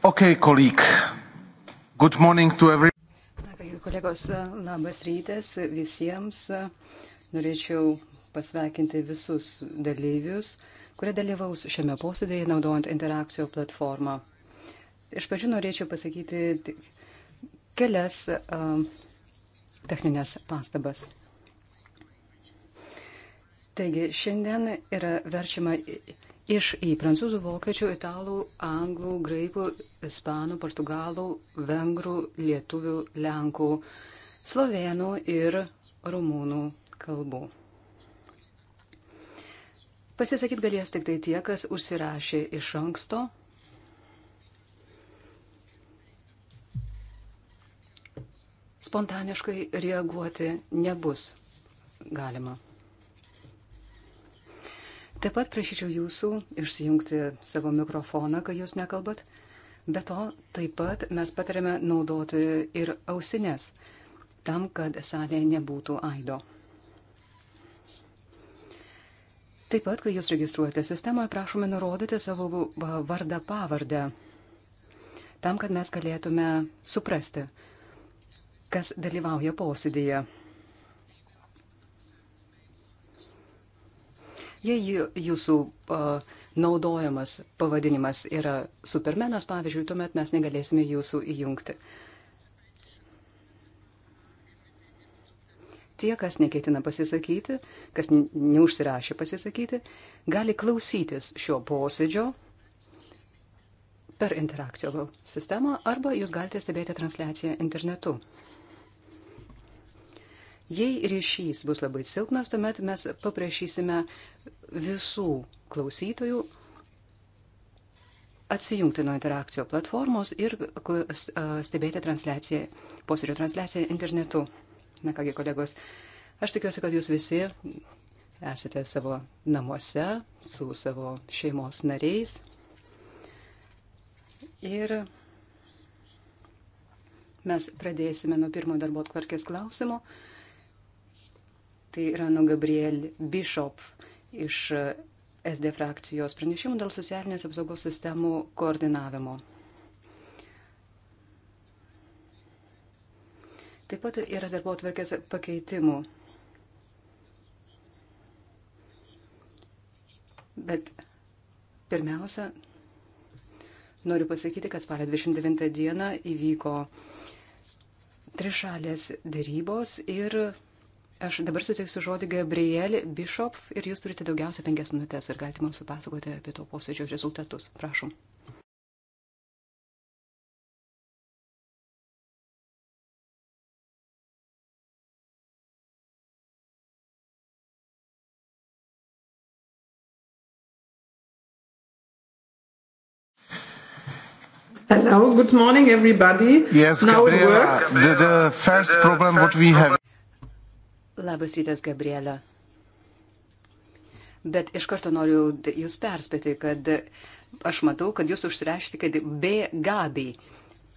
Okay, colleague. Good morning to every. Na, kągi kolegos, labas rytas visiems. Norėčiau pasveikinti visus dalyvius, kurie dalyvaus šiame posėdėje naudojant interakcijų platformą. Iš pradžių norėčiau pasakyti kelias uh, techninės pastabas. Taigi, šiandien yra verčiama. Į, iš į prancūzų, vokiečių, italų, anglų, graikų, ispanų, portugalų, vengrų, lietuvių, lenkų, slovenų ir rumūnų kalbų. Pasisakyti galės tik tai tie, kas užsirašė iš anksto. Spontaniškai reaguoti nebus galima. Taip pat prašyčiau jūsų išsijungti savo mikrofoną, kai jūs nekalbat. Be to, taip pat mes patarėme naudoti ir ausinės, tam, kad salėje nebūtų aido. Taip pat, kai jūs registruojate sistemoje, prašome nurodyti savo vardą pavardę, tam, kad mes galėtume suprasti, kas dalyvauja posėdėje. Jei jūsų uh, naudojamas pavadinimas yra Supermenas, pavyzdžiui, tuomet mes negalėsime jūsų įjungti. Tie, kas neketina pasisakyti, kas neužsirašė pasisakyti, gali klausytis šio posėdžio per interaktyvų sistemą arba jūs galite stebėti transliaciją internetu. Jei ryšys bus labai silpnas, tuomet mes paprašysime visų klausytojų atsijungti nuo interakcijo platformos ir stebėti transliaciją, posėdžio transliaciją internetu. Na kągi, kolegos, aš tikiuosi, kad jūs visi esate savo namuose su savo šeimos nariais. Ir mes pradėsime nuo pirmo darbo tvarkės klausimo tai yra nuo Gabriel Bishop iš e, SD frakcijos pranešimų dėl socialinės apsaugos sistemų koordinavimo. Taip pat yra darbo atvarkės pakeitimų. Bet pirmiausia, noriu pasakyti, kad spalio 29 dieną įvyko trišalės dėrybos ir Aš dabar suteiksiu žodį Gabrielį Bishop ir jūs turite daugiausia penkias minutės ir galite mums papasakoti apie to posėdžio rezultatus. Prašom. Hello, good morning everybody. Yes, Now Gabriela, it works. The, the first problem what we have Labas rytas, Gabrielė. Bet iš karto noriu jūs perspėti, kad aš matau, kad jūs užsirašyti, kad B. Gabi.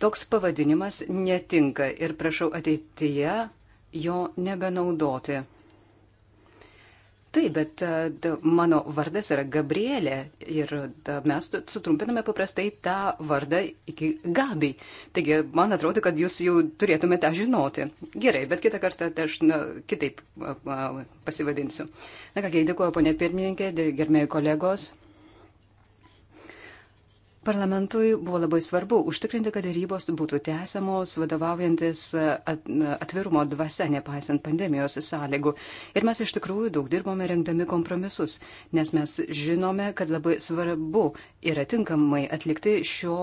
Toks pavadinimas netinka ir prašau ateityje jo nebenaudoti. Taip, bet e, da, mano vardas yra Gabrielė ir da, mes sutrumpiname paprastai tą vardą iki Gabi. Taigi, man atrodo, kad jūs jau turėtumėte tą žinoti. Gerai, bet kitą kartą aš na, kitaip a, a, pasivadinsiu. Na kągi, dėkuoju, ponė pirmininkė, gerbėjai kolegos. Parlamentui buvo labai svarbu užtikrinti, kad dėrybos būtų tęsiamos, vadovaujantis e, e, atvirumo dvasia, nepaisant pandemijos sąlygų. Ir mes iš tikrųjų daug dirbome rengdami kompromisus, nes mes žinome, kad labai svarbu yra tinkamai atlikti šio,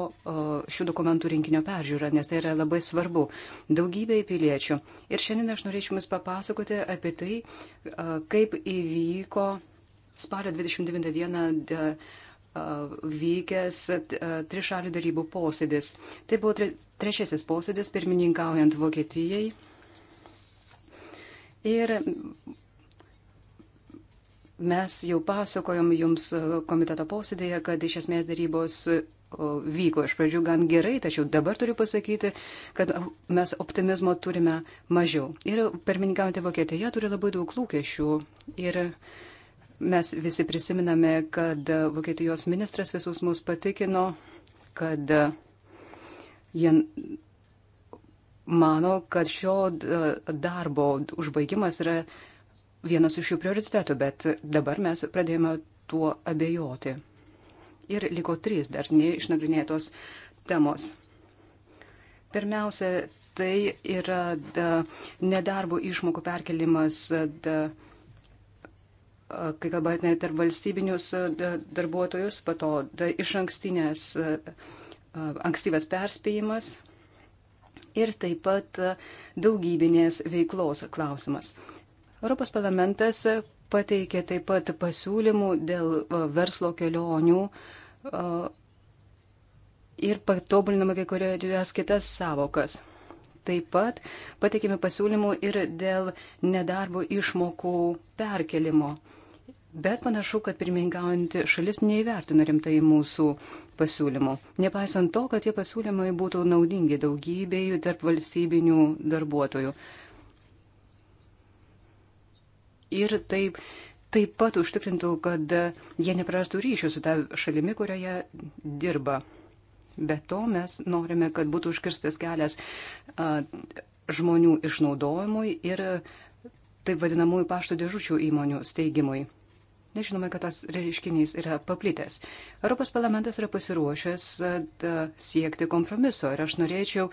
šių dokumentų rinkinio peržiūrą, nes tai yra labai svarbu daugybei piliečių. Ir šiandien aš norėčiau Jums papasakoti apie tai, e, kaip įvyko spalio 29 dieną. De, vykęs trišalių darybų posėdis. Tai buvo tre, trečiasis posėdis pirmininkaujant Vokietijai. Ir mes jau pasakojom jums komiteto posėdėje, kad iš esmės darybos vyko iš pradžių gan gerai, tačiau dabar turiu pasakyti, kad mes optimizmo turime mažiau. Ir pirmininkaujantį Vokietiją turi labai daug lūkesčių. Ir uh, Mes visi prisiminame, kad Vokietijos ministras visus mus patikino, kad jie mano, kad šio darbo užbaigimas yra vienas iš jų prioritetų, bet dabar mes pradėjome tuo abejoti. Ir liko trys dar neišnagrinėtos temos. Pirmiausia, tai yra da, nedarbo išmokų perkelimas da, kai kalbate net ir valstybinius e, darbuotojus, pato da, iš ankstinės, e, e, ankstyvas perspėjimas ir taip pat daugybinės veiklos klausimas. Europos parlamentas pateikė taip pat pasiūlymų dėl verslo kelionių ir patobulinama kai kurias kitas savokas. Taip pat pateikėme pasiūlymų ir dėl nedarbo išmokų perkelimo. Bet panašu, kad pirmininkaujanti šalis neįvertino rimtai mūsų pasiūlymų. Nepaisant to, kad tie pasiūlymai būtų naudingi daugybėjų tarp valstybinių darbuotojų. Ir taip, taip pat užtikrintų, kad jie neprarastų ryšių su tą šalimi, kurioje dirba. Be to mes norime, kad būtų užkirstas kelias a, žmonių išnaudojimui ir taip vadinamųjų pašto dėžučių įmonių steigimui. Nežinome, kad tas reiškinys yra paplitęs. Europos parlamentas yra pasiruošęs e, siekti kompromiso ir aš norėčiau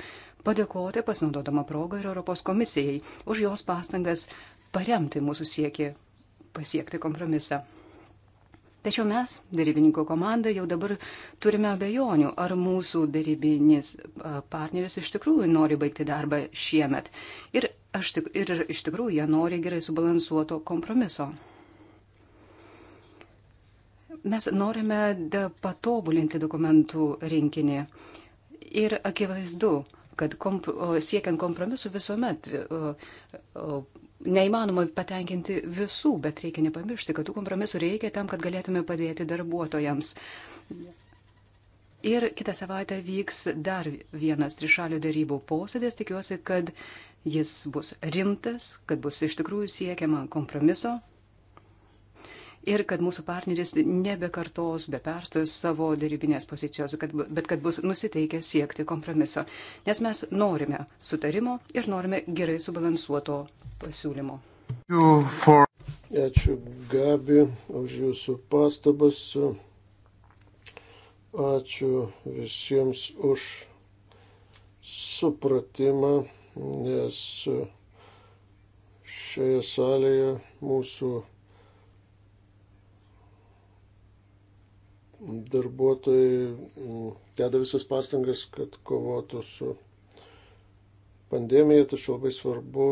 padėkoti, pasinaudodama progą, ir Europos komisijai už jos pastangas paremti mūsų siekį pasiekti kompromisą. Tačiau mes, darybininkų komanda, jau dabar turime abejonių, ar mūsų darybinis e, partneris iš tikrųjų nori baigti darbą šiemet. Ir, aš, ir iš tikrųjų jie nori gerai subalansuoto kompromiso. Mes norime patobulinti dokumentų rinkinį. Ir akivaizdu, kad komp siekiant kompromisų visuomet e, neįmanoma patenkinti visų, bet reikia nepamiršti, kad tų kompromisų reikia tam, kad galėtume padėti darbuotojams. Ir kitą savaitę vyks dar vienas trišalio darybų posėdės. Tikiuosi, kad jis bus rimtas, kad bus iš tikrųjų siekiama kompromiso ir kad mūsų partneris nebekartos be perstojus savo darybinės pozicijos, kad, bet kad bus nusiteikę siekti kompromiso. Nes mes norime sutarimo ir norime gerai subalansuoto pasiūlymo. For... Ačiū Gabi už jūsų pastabas. Ačiū visiems už supratimą, nes šioje salėje mūsų darbuotojai mm, deda visas pastangas, kad kovotų su pandemija, tačiau labai svarbu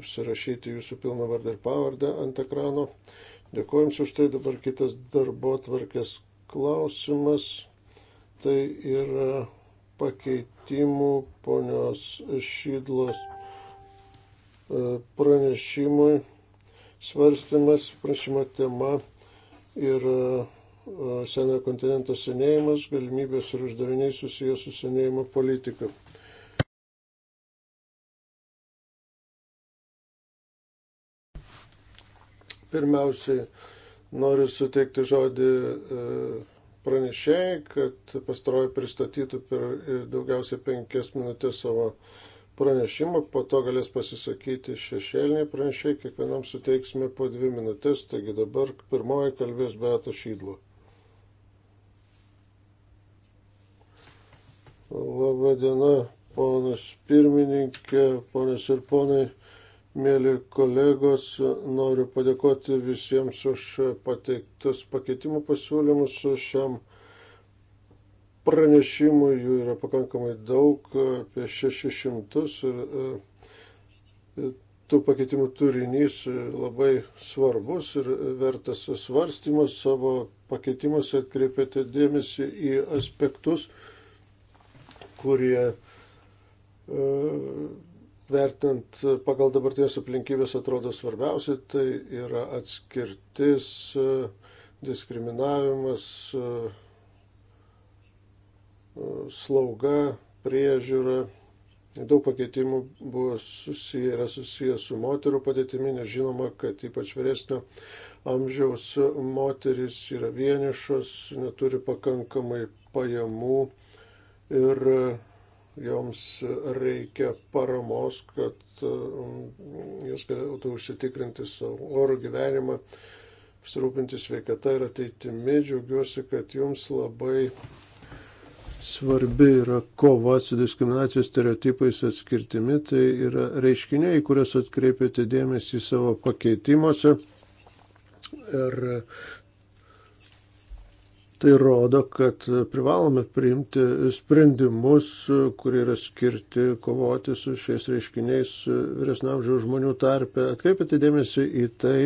užsirašyti jūsų pilną vardą ir pavardę ant ekrano. Dėkuoju Jums už tai. Dabar kitas darbo tvarkės klausimas. Tai yra pakeitimų ponios Šydlos e, pranešimui svarstymas, prašymo tema yra senojo kontinento senėjimas, galimybės ir uždaviniai susijęs su senėjimo politika. Pirmiausiai noriu suteikti žodį e, pranešėjai, kad pastaroji pristatytų per e, daugiausiai penkias minutės savo pranešimą, po to galės pasisakyti šešėliniai pranešėjai, kiekvienam suteiksime po dvi minutės, taigi dabar pirmoji kalbės Beata Šydlo. Labadiena, ponas pirmininkė, ponas ir ponai, mėly kolegos. Noriu padėkoti visiems už pateiktus pakeitimų pasiūlymus šiam pranešimų, jų yra pakankamai daug, apie 600 ir e, tų pakeitimų turinys labai svarbus ir vertas svarstymas. Savo pakeitimuose atkreipėte dėmesį į aspektus, kurie e, vertinant pagal dabartinės aplinkybės atrodo svarbiausia, tai yra atskirtis, e, diskriminavimas, e, slauga, priežiūra. Daug pakeitimų buvo susiję, yra susiję su moterų padėtimi, nes žinoma, kad ypač vyresnio amžiaus moteris yra vienišos, neturi pakankamai pajamų ir e, joms reikia paramos, kad e, jos galėtų užsitikrinti savo orų gyvenimą, pasirūpinti sveikata ir ateitimi. Džiaugiuosi, kad jums labai svarbi yra kova su diskriminacijos stereotipais atskirtimi. Tai yra reiškiniai, kuriuos atkreipėte dėmesį savo pakeitimuose. Ir Tai rodo, kad privalome priimti sprendimus, kurie yra skirti kovoti su šiais reiškiniais vyresnamžiaus žmonių tarpe. Atkreipite dėmesį į tai,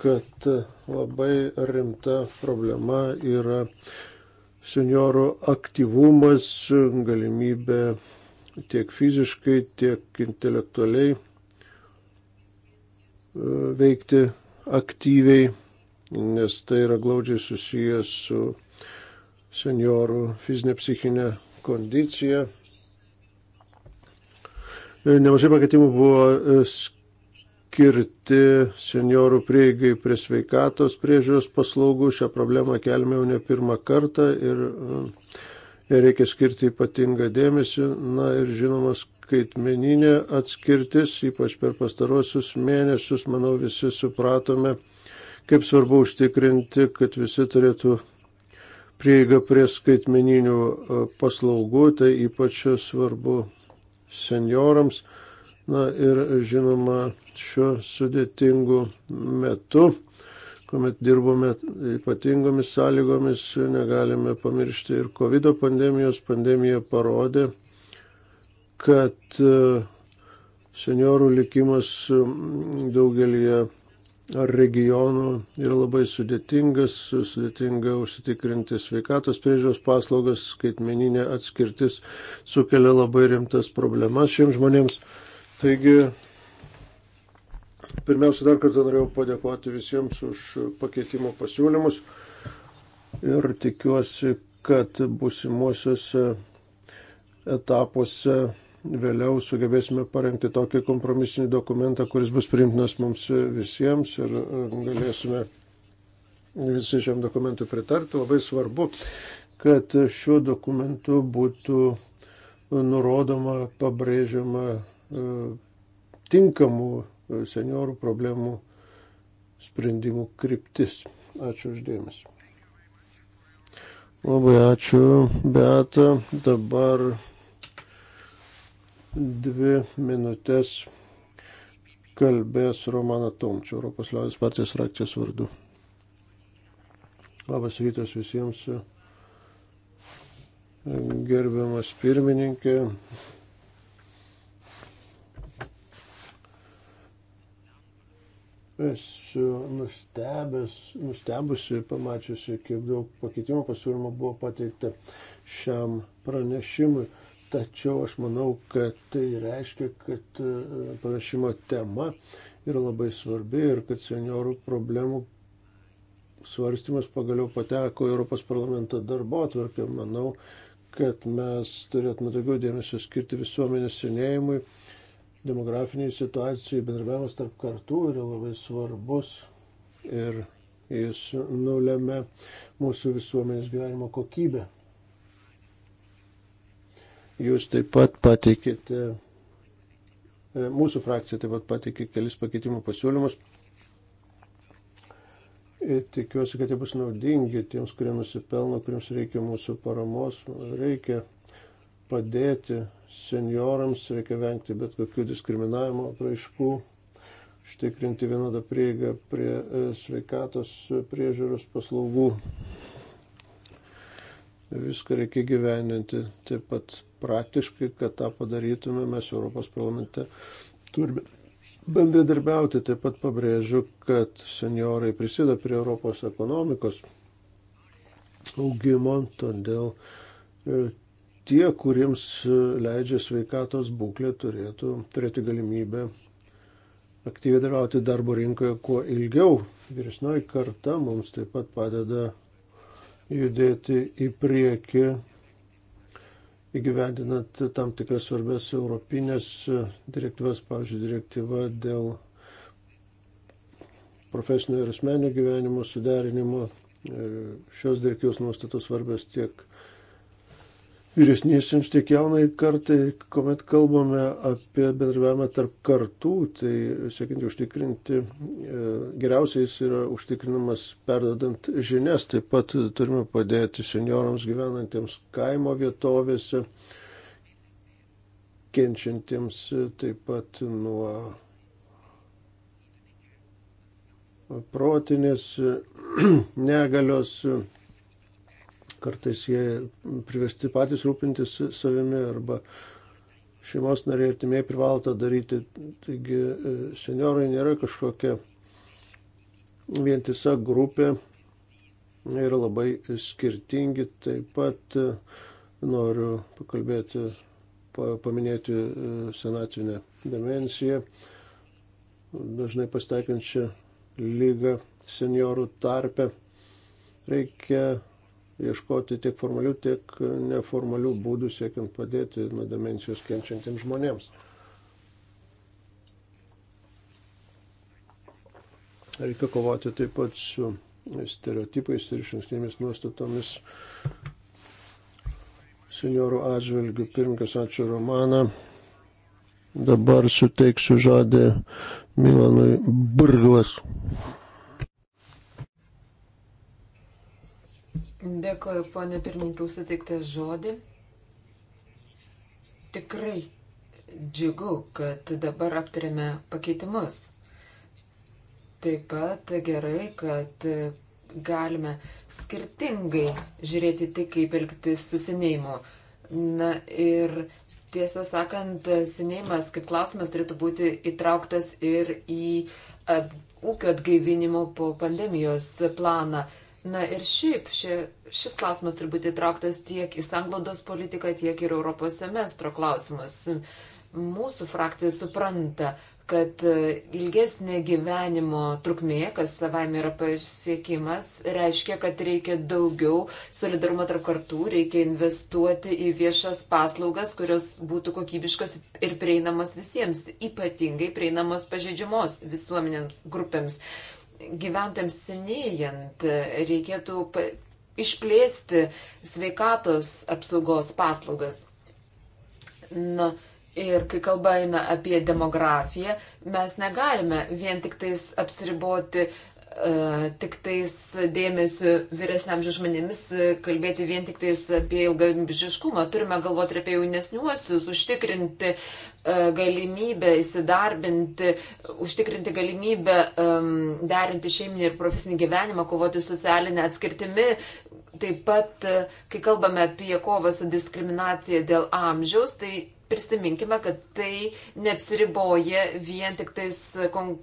kad labai rimta problema yra seniorų aktyvumas, galimybė tiek fiziškai, tiek intelektualiai e, veikti aktyviai nes tai yra glaudžiai susijęs su seniorų fizinė psichinė kondicija. Nemažai pakeitimų buvo e, skirti seniorų prieigai prie sveikatos priežiūros paslaugų. Šią problemą kelime jau ne pirmą kartą ir e, reikia skirti ypatingą dėmesį. Na ir žinoma, skaitmeninė atskirtis, ypač per pastarosius mėnesius, manau, visi supratome, kaip svarbu užtikrinti, kad visi turėtų prieigą prie skaitmeninių e, paslaugų, tai ypač svarbu seniorams. Na ir žinoma, šiuo sudėtingu metu, kuomet dirbome ypatingomis sąlygomis, negalime pamiršti ir COVID pandemijos. Pandemija parodė, kad e, seniorų likimas daugelį ar regionų yra labai sudėtingas, sudėtinga užsitikrinti sveikatos priežiūros paslaugas, skaitmeninė atskirtis sukelia labai rimtas problemas šiems žmonėms. Taigi, pirmiausia, dar kartą norėjau padėkoti visiems už pakeitimo pasiūlymus ir tikiuosi, kad busimuosiuose etapuose vėliau sugebėsime parengti tokį kompromisinį dokumentą, kuris bus priimtinas mums visiems ir e, galėsime visi šiam dokumentui pritarti. Labai svarbu, kad šiuo dokumentu būtų nurodoma, pabrėžiama e, tinkamų e, seniorų problemų sprendimų kryptis. Ačiū uždėmesi. Labai ačiū, Beata. Dabar dvi minutės kalbės Romana Tomčio, Europos liaudės partijos frakcijos vardu. Labas rytas visiems. Gerbiamas pirmininkė. Esu nustebęs, nustebusi, pamačiusi, kiek daug pakeitimų pasiūlymų buvo pateikta šiam pranešimui. Tačiau aš manau, kad tai reiškia, kad e, pranešimo tema yra labai svarbi ir kad seniorų problemų svarstymas pagaliau pateko Europos parlamento darbo atvarkę. Manau, kad mes turėtume daugiau dėmesio skirti visuomenės senėjimui, demografiniai situacijai, bendravimas tarp kartų yra labai svarbus ir jis nulėmė mūsų visuomenės gyvenimo kokybę. Jūs taip pat pateikėte, e, mūsų frakcija taip pat pateikė kelis pakeitimų pasiūlymus. Ir tikiuosi, kad jie bus naudingi tiems, kurie nusipelno, kuriems reikia mūsų paramos, reikia padėti senjorams, reikia vengti bet kokių diskriminavimo praaiškų, užtikrinti vienodą prieigą prie e, sveikatos priežiūros paslaugų. Viską reikia gyveninti taip pat praktiškai, kad tą padarytume mes Europos parlamente. Turime bendradarbiauti, taip pat pabrėžiu, kad seniorai prisideda prie Europos ekonomikos augimo, todėl e, tie, kuriems e, leidžia sveikatos būklė, turėtų turėti galimybę aktyviai dalyvauti darbo rinkoje kuo ilgiau. Vyresnioji karta mums taip pat padeda judėti į priekį, įgyvendinant tam tikras svarbės europinės direktyvas, pavyzdžiui, direktyva dėl profesinio ir asmenio gyvenimo suderinimo. Šios direktyvos nuostatos svarbios tiek vyresniesiems, tiek jaunai kartai, kuomet kalbame apie bendravimą tarp kartų, tai siekiant užtikrinti, e, geriausiai jis yra užtikrinamas perdodant žinias, taip pat turime padėti seniorams gyvenantiems kaimo vietovėse, kenčiantiems taip pat nuo protinės negalios Kartais jie privesti patys rūpintis savimi arba šeimos nariai artimiai privalo tą daryti. Taigi e, seniorai nėra kažkokia vientisa grupė, yra labai skirtingi. Taip pat e, noriu pakalbėti, paminėti e, senatvinę demenciją, dažnai pasteikiančią lygą seniorų tarpe. Reikia ieškoti tiek formalių, tiek neformalių būdų siekiant padėti nuo demencijos kenčiantiems žmonėms. Reikia kovoti taip pat su stereotipais ir išankstinėmis nuostatomis seniorų atžvilgių. Pirmkas, ačiū Romaną. Dabar suteiksiu žodį Milanui Burglas. Dėkoju, ponė pirmininkė, suteiktą žodį. Tikrai džiugu, kad dabar aptarėme pakeitimus. Taip pat gerai, kad galime skirtingai žiūrėti tai, kaip elgtis su senėjimu. Na ir tiesą sakant, senėjimas kaip klausimas turėtų būti įtrauktas ir į at, ūkio atgaivinimo po pandemijos planą. Na ir šiaip šie, šis klausimas turi būti įtrauktas tiek į sanglodos politiką, tiek ir Europos semestro klausimas. Mūsų frakcija supranta, kad e, ilgesnė gyvenimo trukmė, kas savaime yra pasiekimas, reiškia, kad reikia daugiau solidarumo tarp kartų, reikia investuoti į viešas paslaugas, kurios būtų kokybiškas ir prieinamos visiems, ypatingai prieinamos pažeidžiamos visuomenėms grupėms gyventojams senėjant reikėtų išplėsti sveikatos apsaugos paslaugas. Na, ir kai kalba eina apie demografiją, mes negalime vien tik tais apsiriboti e, tik tais dėmesiu vyresniam žmonėmis, e, kalbėti vien tik tais apie ilgamžiškumą. Turime galvoti ir apie jaunesniuosius, užtikrinti E, galimybę įsidarbinti, užtikrinti galimybę um, derinti šeiminį ir profesinį gyvenimą, kovoti socialinę atskirtimi. Taip pat, e, kai kalbame apie kovą su diskriminacija dėl amžiaus, tai prisiminkime, kad tai neapsiriboja vien tik tais kon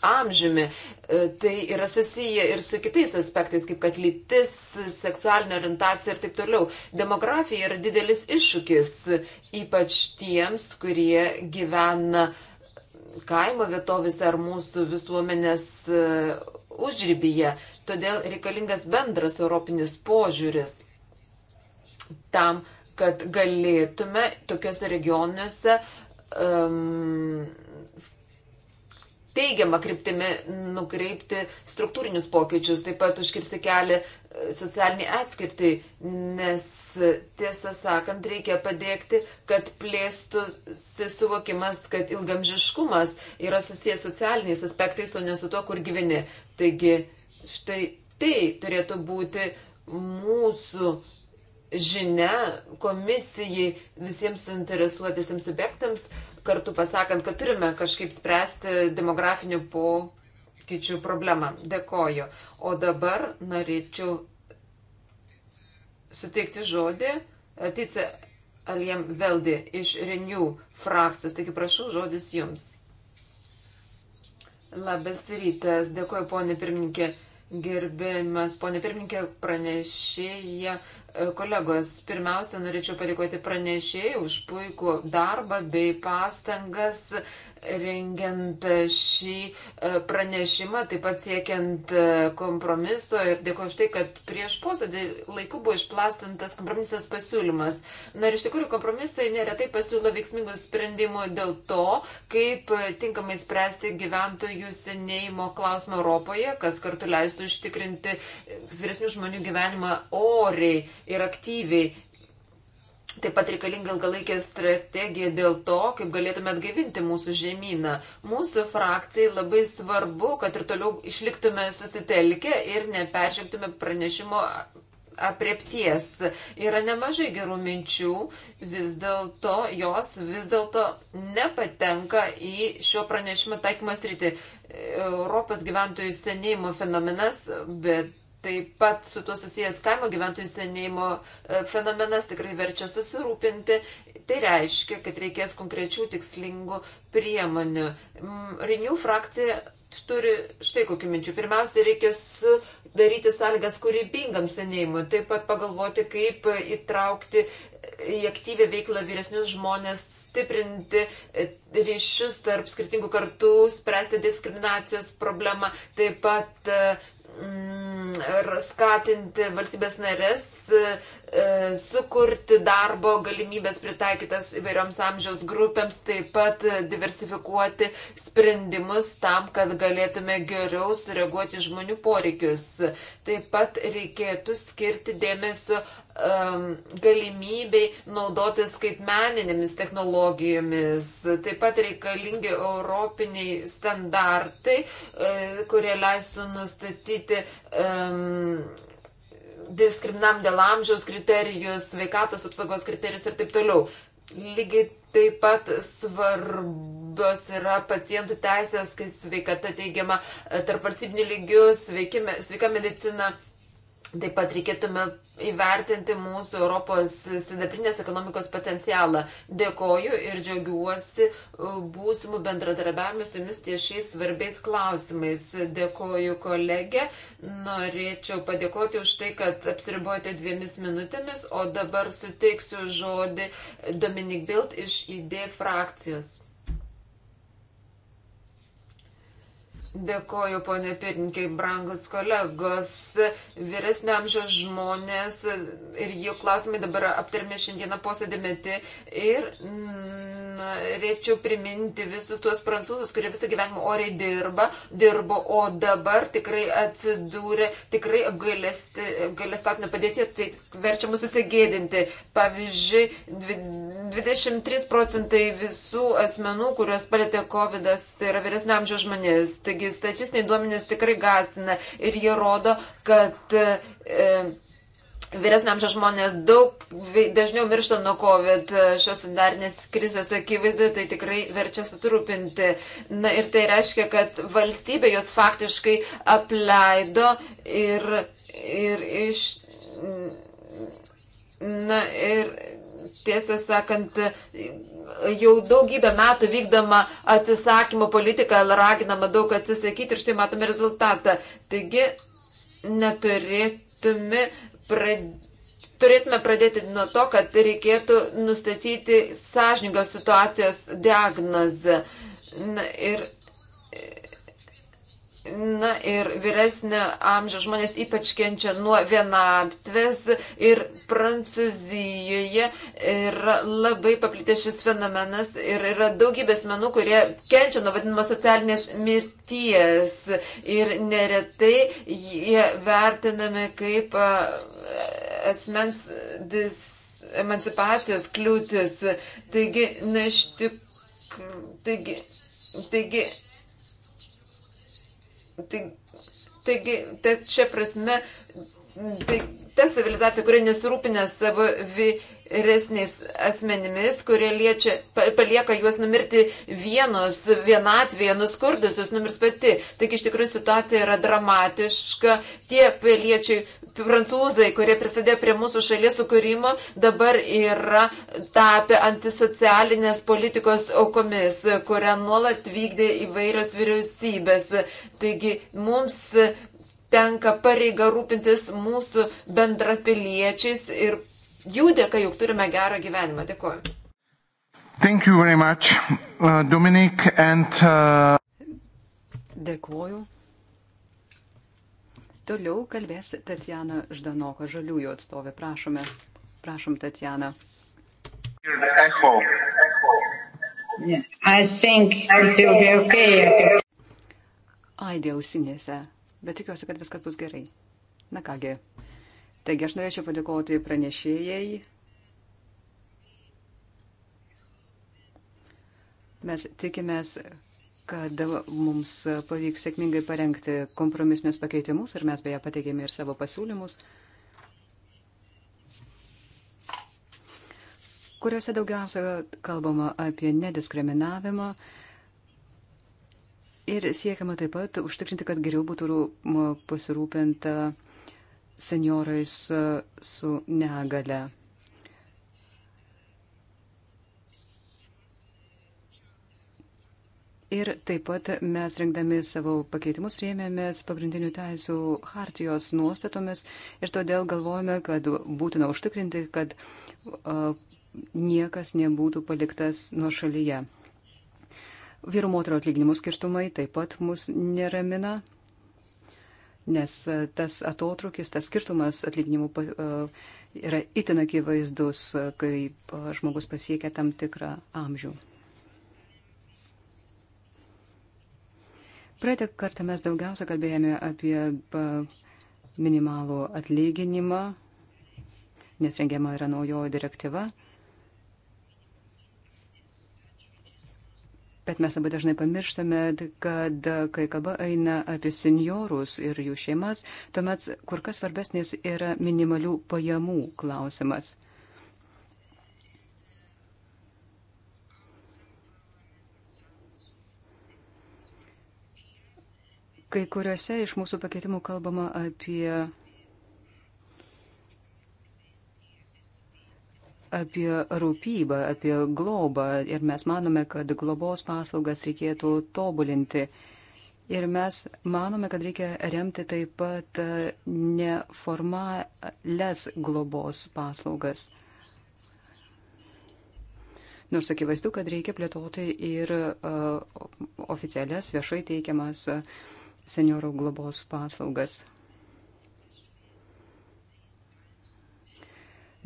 amžiumi. E, tai yra susiję ir su kitais aspektais, kaip kad lytis, seksualinė orientacija ir taip toliau. Demografija yra didelis iššūkis, ypač tiems, kurie gyvena kaimo vietovėse ar mūsų visuomenės e, užrybyje. Todėl reikalingas bendras europinis požiūris tam, kad galėtume tokiuose regionuose um, teigiamą kryptimį nukreipti struktūrinius pokyčius, taip pat užkirsti kelią e, socialiniai atskirti, nes e, tiesą sakant, reikia padėkti, kad plėstųsi suvokimas, kad ilgamžiškumas yra susijęs socialiniais aspektais, o ne su to, kur gyveni. Taigi, štai tai turėtų būti mūsų žinia komisijai visiems suinteresuotisiems subjektams, kartu pasakant, kad turime kažkaip spręsti demografinių pokyčių problemą. Dėkoju. O dabar norėčiau suteikti žodį e, Tice Aliem Veldi iš Renew frakcijos. Taigi prašau, žodis jums. Labas rytas, dėkoju ponė pirmininkė. Gerbiamas ponė pirmininkė pranešėja, E, kolegos, pirmiausia, norėčiau padėkoti pranešėjai už puikų darbą bei pastangas rengiant šį e, pranešimą, taip pat siekiant e, kompromiso ir dėkoju už tai, kad prieš posėdį laiku buvo išplastintas kompromisas pasiūlymas. Na ir iš tikrųjų kompromisai neretai pasiūlo veiksmingų sprendimų dėl to, kaip tinkamai spręsti gyventojų senėjimo klausimą Europoje, kas kartu leistų užtikrinti vyresnių žmonių gyvenimą oriai ir aktyviai Taip pat reikalinga ilgalaikė strategija dėl to, kaip galėtume atgaivinti mūsų žemyną. Mūsų frakcijai labai svarbu, kad ir toliau išliktume susitelkę ir neperžengtume pranešimo apriepties. Yra nemažai gerų minčių, vis dėlto jos vis dėlto nepatenka į šio pranešimo taikymą sritį. Europos gyventojų senėjimo fenomenas, bet Taip pat su tuo susijęs kaimo gyventojų senėjimo e, fenomenas tikrai verčia susirūpinti. Tai reiškia, kad reikės konkrečių tikslingų priemonių. Mm, Renew frakcija turi štai kokių minčių. Pirmiausia, reikia sudaryti sąlygas kūrybingam senėjimui. Taip pat pagalvoti, kaip įtraukti į aktyvę veiklą vyresnius žmonės, stiprinti e, ryšius tarp skirtingų kartų, spręsti diskriminacijos problemą, taip pat e, ir mm, skatinti valstybės narės e, sukurti darbo galimybės pritaikytas įvairioms amžiaus grupėms, taip pat diversifikuoti sprendimus tam, kad galėtume geriau sureaguoti žmonių poreikius. Taip pat reikėtų skirti dėmesio Um, galimybei naudotis skaitmeninėmis technologijomis. Taip pat reikalingi europiniai standartai, e, kurie leisų nustatyti um, diskriminam dėl amžiaus kriterijus, sveikatos apsaugos kriterijus ir taip toliau. Lygiai taip pat svarbios yra pacientų teisės, kai sveikata teigiama e, tarp valstybinių lygių, sveika medicina. Taip pat reikėtume įvertinti mūsų Europos sidabrinės ekonomikos potencialą. Dėkoju ir džiaugiuosi e, būsimų bendradarbiavimų su jumis ties šiais svarbiais klausimais. Dėkoju kolegė, norėčiau padėkoti už tai, kad apsiribojate dviemis minutėmis, o dabar suteiksiu žodį Dominik Bild iš ID frakcijos. Dėkoju, ponė pirmininkai, brangus kolegos. Vyresnio amžiaus žmonės ir jų klausimai dabar aptarėme šiandieną posėdėmėti. Ir norėčiau priminti visus tuos prancūzus, kurie visą gyvenimą oriai dirba, dirbo, o dabar tikrai atsidūrė, tikrai apgailestatinė padėtė, tai verčia mus susigėdinti. Pavyzdžiui, 23 procentai visų asmenų, kuriuos palėtė COVID, tai yra vyresnio amžiaus žmonės. Taigi, Taigi statistiniai duomenys tikrai gastina ir jie rodo, kad e, vyresniamžiaus žmonės daug dažniau miršta nuo COVID e, šios sandarnės krizės akivaizdoje, tai tikrai verčia susirūpinti. Na ir tai reiškia, kad valstybė jos faktiškai apleido ir, ir iš. Na ir tiesą sakant, jau daugybę metų vykdoma atsisakymo politika, raginama daug atsisakyti ir štai matome rezultatą. Taigi neturėtume pradėti. Turėtume pradėti nuo to, kad reikėtų nustatyti sąžiningos situacijos diagnozę. Na, ir Na ir vyresnio amžiaus žmonės ypač kenčia nuo vienatvės ir Prancūzijoje yra labai paplitęs šis fenomenas ir yra daugybė asmenų, kurie kenčia nuo vadinamos socialinės mirties ir neretai jie vertinami kaip asmens dis, emancipacijos kliūtis. Taigi, na iš tikrųjų, taigi, taigi Taigi, tai šia prasme tai ta civilizacija, kuri nesirūpina savo vyresniais asmenimis, kurie liečia, palieka juos numirti vienos, vienatvėje, nuskurdusius, numirs pati. Taigi iš tikrųjų situacija yra dramatiška. Tie piliečiai, prancūzai, kurie prisidėjo prie mūsų šalies sukūrimo, dabar yra tapę antisocialinės politikos aukomis, kurią nuolat vykdė įvairios vyriausybės. Taigi mums tenka pareiga rūpintis mūsų bendrapiliečiais ir jų dėka juk turime gerą gyvenimą. Dėkuoju. Thank you very much, uh, Dominic, and. Uh... Dėkuoju. Toliau kalbės Tatjana Ždanoka, žaliųjų atstovė. Prašome. Prašom, Tatjana. Aidė ausinėse bet tikiuosi, kad viskas bus gerai. Na kągi, taigi aš norėčiau padėkoti pranešėjai. Mes tikimės, kad mums pavyks sėkmingai parengti kompromisinius pakeitimus ir mes beje pateikėme ir savo pasiūlymus. kuriuose daugiausia kalbama apie nediskriminavimą, Ir siekiama taip pat užtikrinti, kad geriau būtų pasirūpinta seniorais e, su negale. Ir taip pat mes rengdami savo pakeitimus rėmėmės pagrindinių teisų hartijos nuostatomis ir todėl galvojame, kad būtina užtikrinti, kad uh, niekas nebūtų paliktas nuo šalyje. Vyrų moterų atlyginimų skirtumai taip pat mus neramina, nes e, tas atotrukis, tas skirtumas atlyginimų e, yra itin akivaizdus, e, kai žmogus pasiekia tam tikrą amžių. Praeitą kartą mes daugiausia kalbėjome apie minimalų atlyginimą, nes rengiama yra naujoji direktyva. Bet mes labai dažnai pamirštame, kad kai kalba eina apie seniorus ir jų šeimas, tuomet kur kas svarbesnis yra minimalių pajamų klausimas. Kai kuriuose iš mūsų pakeitimų kalbama apie apie rūpybą, apie globą ir mes manome, kad globos paslaugas reikėtų tobulinti. Ir mes manome, kad reikia remti taip pat e, neformales globos paslaugas. Nors akivaizdu, kad reikia plėtoti ir uh, oficialias viešai teikiamas uh, e, seniorų globos paslaugas.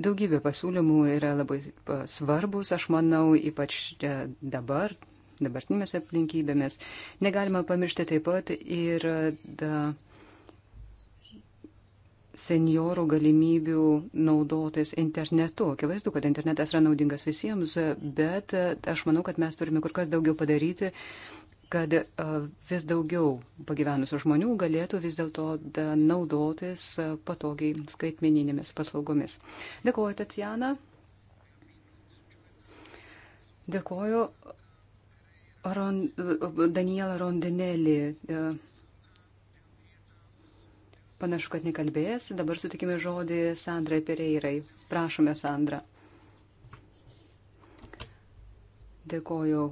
Daugybė pasiūlymų yra labai e, svarbus, aš manau, ypač e, dabar, dabartinėmis aplinkybėmis. Negalima pamiršti taip pat ir e, da, seniorų galimybių naudotis internetu. Akivaizdu, kad internetas yra naudingas visiems, bet aš manau, kad mes turime kur kas daugiau padaryti, uh, kad e, vis daugiau pagyvenusių žmonių galėtų vis dėlto naudotis e, patogiai skaitmeninėmis paslaugomis. Dėkuoju, Tatjana. Dėkuoju Ron, Daniela Rondinelli. E, panašu, kad nekalbės. Dabar sutikime žodį Sandrai Pereirai. Prašome, Sandra. Dėkuoju,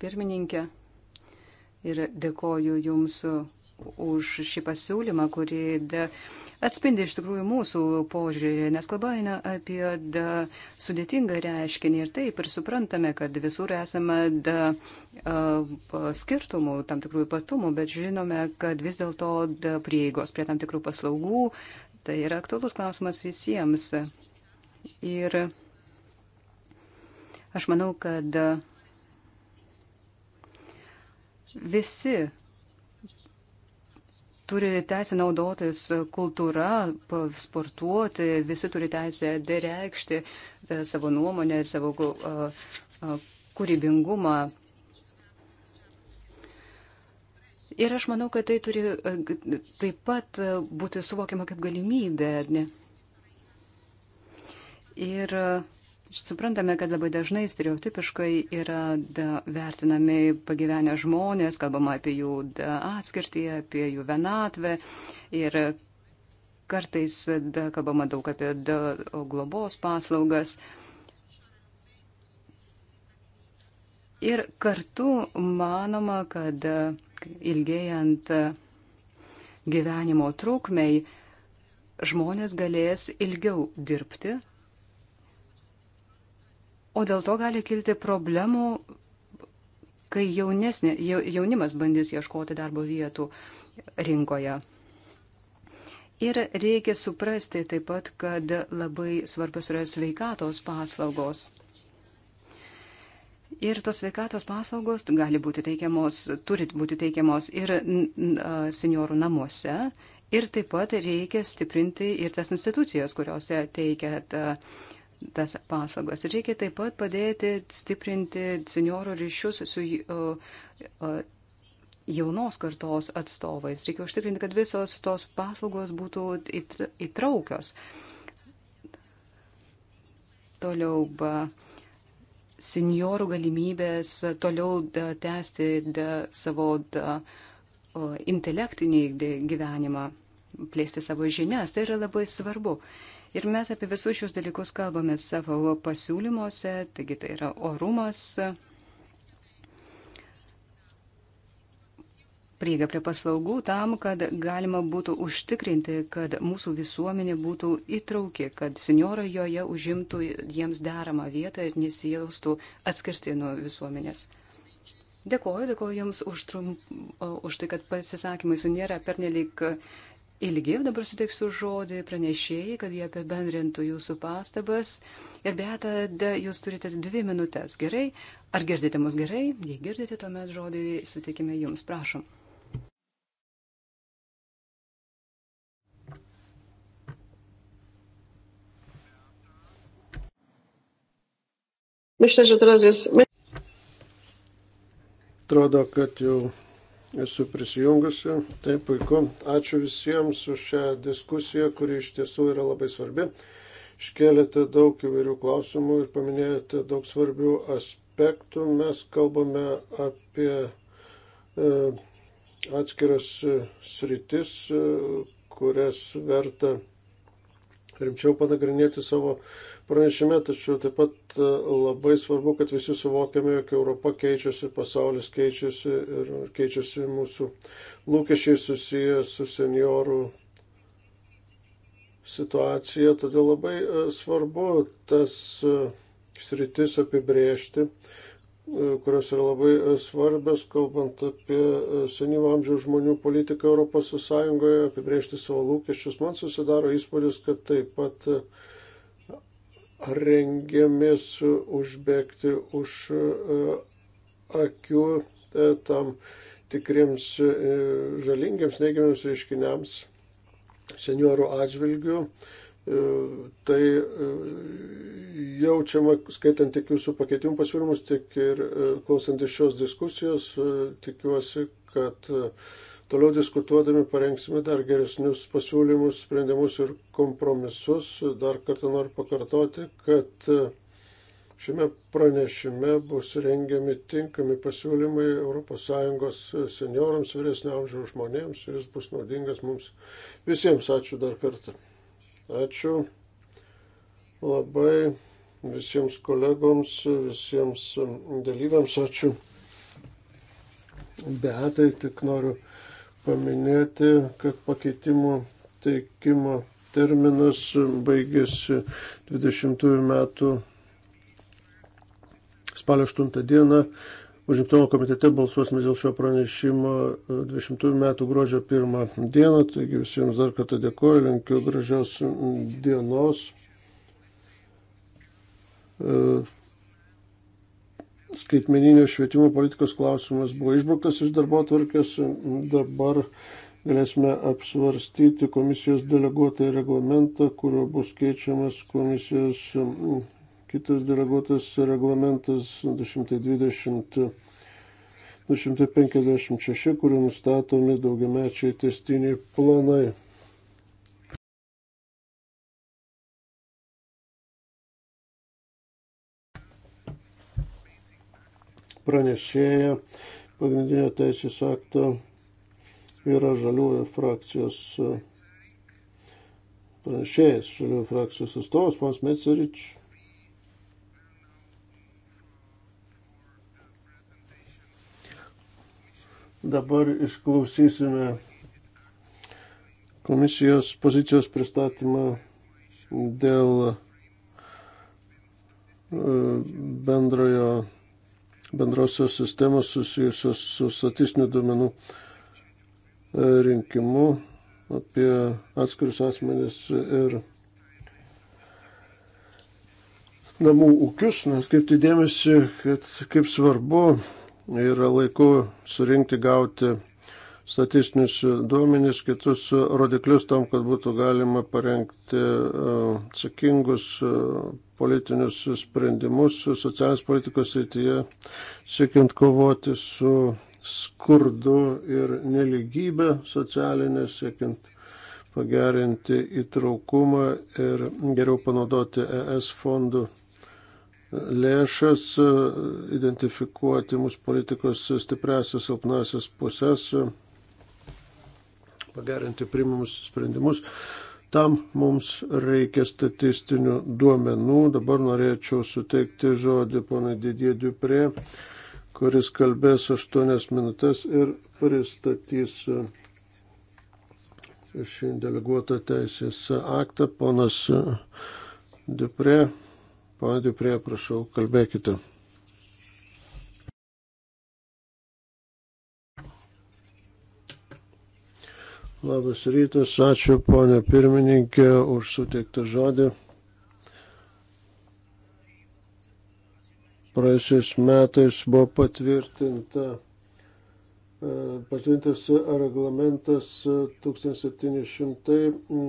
pirmininkė ir dėkoju Jums už šį pasiūlymą, kurį atspindi iš tikrųjų mūsų požiūrį, nes kalba eina apie da, sudėtingą reiškinį ir taip ir suprantame, kad visur esame da, a, skirtumų, tam tikrų ypatumų, bet žinome, kad vis dėlto prieigos prie tam tikrų paslaugų tai yra aktuolus klausimas visiems. Ir aš manau, kad a, Visi turi teisę naudotis kultūra, sportuoti, visi turi teisę dereikšti e, savo nuomonę ir savo e, e, kūrybingumą. Ir aš manau, kad tai turi taip pat būti suvokiama kaip galimybė. Ir uh, Suprantame, kad labai dažnai stereotipiškai yra da, vertinami pagyvenę žmonės, kalbama apie jų da, atskirtį, apie jų vienatvę ir kartais da, kalbama daug apie da, globos paslaugas. Ir kartu manoma, kad ilgėjant gyvenimo trukmei žmonės galės ilgiau dirbti o dėl to gali kilti problemų, kai jaunesnė, jaunimas bandys ieškoti darbo vietų rinkoje. Ir reikia suprasti taip pat, kad labai svarbios yra sveikatos paslaugos. Ir tos sveikatos paslaugos gali būti teikiamos, turi būti teikiamos ir seniorų namuose. Ir taip pat reikia stiprinti ir tas institucijas, kuriuose teikia tas paslaugas. Reikia taip pat padėti stiprinti seniorų ryšius su jaunos kartos atstovais. Reikia užtikrinti, kad visos tos paslaugos būtų įtraukios. Toliau. Ba, seniorų galimybės toliau da, tęsti da, savo da, o, intelektinį gyvenimą, plėsti savo žinias. Tai yra labai svarbu. Ir mes apie visus šios dalykus kalbame savo pasiūlymuose, taigi tai yra orumas, prieiga prie paslaugų tam, kad galima būtų užtikrinti, kad mūsų visuomenė būtų įtrauki, kad seniorai joje užimtų jiems deramą vietą ir nesijaustų atskirti nuo visuomenės. Dėkuoju, dėkuoju Jums už, trum, už tai, kad pasisakymai su nėra pernelyg uh, ilgi. Dabar suteiksiu žodį pranešėjai, kad jie apibendrintų jūsų pastabas. Ir beata, jūs turite dvi minutės. Gerai? Ar girdite mus gerai? Jei girdite, tuomet žodį suteikime jums. Prašom. Myślę, że teraz jest. Atrodo, kad jau esu prisijungusi. Taip, puiku. Ačiū visiems už šią diskusiją, kuri iš tiesų yra labai svarbi. Iškėlėte daug įvairių klausimų ir paminėjote daug svarbių aspektų. Mes kalbame apie e, atskiras sritis, e, kurias verta rimčiau panagrinėti savo pranešime, tačiau taip pat e, labai svarbu, kad visi suvokiame, jog Europa keičiasi, pasaulis keičiasi ir keičiasi mūsų lūkesčiai susiję su seniorų situacija. Todėl labai e, svarbu tas e, sritis apibrėžti E, kurios yra labai e, svarbios, kalbant apie e, senyvo amžiaus žmonių politiką ES, apibriežti savo lūkesčius. Man susidaro įspūdis, kad taip pat rengiamės užbėgti už akių tam tikriems žalingiams, neigiamiams reiškiniams seniorų atžvilgių. E, tai e, jaučiama, skaitant tiek jūsų pakeitimų pasiūlymus, tiek ir e, klausant iš šios diskusijos, tikiuosi, kad toliau diskutuodami parengsime dar geresnius pasiūlymus, sprendimus ir kompromisus. Dar kartą noriu pakartoti, kad šiame pranešime bus rengiami tinkami pasiūlymai ES seniorams, vyresnio amžiaus žmonėms ir jis bus naudingas mums visiems. Ačiū dar kartą. Ačiū labai visiems kolegoms, visiems dalyviams. Ačiū. Beatai, tik noriu paminėti, kad pakeitimo teikimo terminas baigėsi 20 metų spalio 8 dieną. Užimtumo komitete balsuosime dėl šio pranešimo 20 e, metų gruodžio 1 dieną. Taigi visiems dar kartą dėkoju, linkiu gražios dienos. E, skaitmeninio švietimo politikos klausimas buvo išbrauktas iš darbo tvarkės. Dabar galėsime apsvarstyti komisijos deleguotą reglamentą, kuriuo bus keičiamas komisijos Kitas deleguotas reglamentas 220. 256, kuriuo nustatomi daugiamečiai testiniai planai. Pranešėja pagrindinio teisės akto yra žaliųjų frakcijos pranešėjas, žaliųjų frakcijos atstovas, pons Metseričius. Dabar išklausysime komisijos pozicijos pristatymą dėl e, bendrojo, bendrosios sistemos susijusios su statistiniu duomenų e, rinkimu apie atskirius asmenis ir namų ūkius, nes kaip tai dėmesį, kad kaip svarbu ir laiku surinkti, gauti statistinius duomenys, kitus rodiklius tam, kad būtų galima parengti e, atsakingus e, politinius sprendimus socialinės politikos srityje, siekiant kovoti su skurdu ir neligybė socialinė, siekiant pagerinti įtraukumą ir geriau panaudoti ES fondų lėšas, e, identifikuoti mūsų politikos stipriasias, silpnasias pusės, e, pagerinti primamus sprendimus. Tam mums reikia statistinių duomenų. Dabar norėčiau suteikti žodį ponai Didie Dupre, kuris kalbės 8 minutės ir pristatys e, šį deleguotą teisės aktą. Ponas Dupre. Pane Duprie, prašau, kalbėkite. Labas rytas, ačiū ponė pirmininkė už suteiktą žodį. Praėjusiais metais buvo patvirtinta, e, patvirtintas reglamentas 1700 e,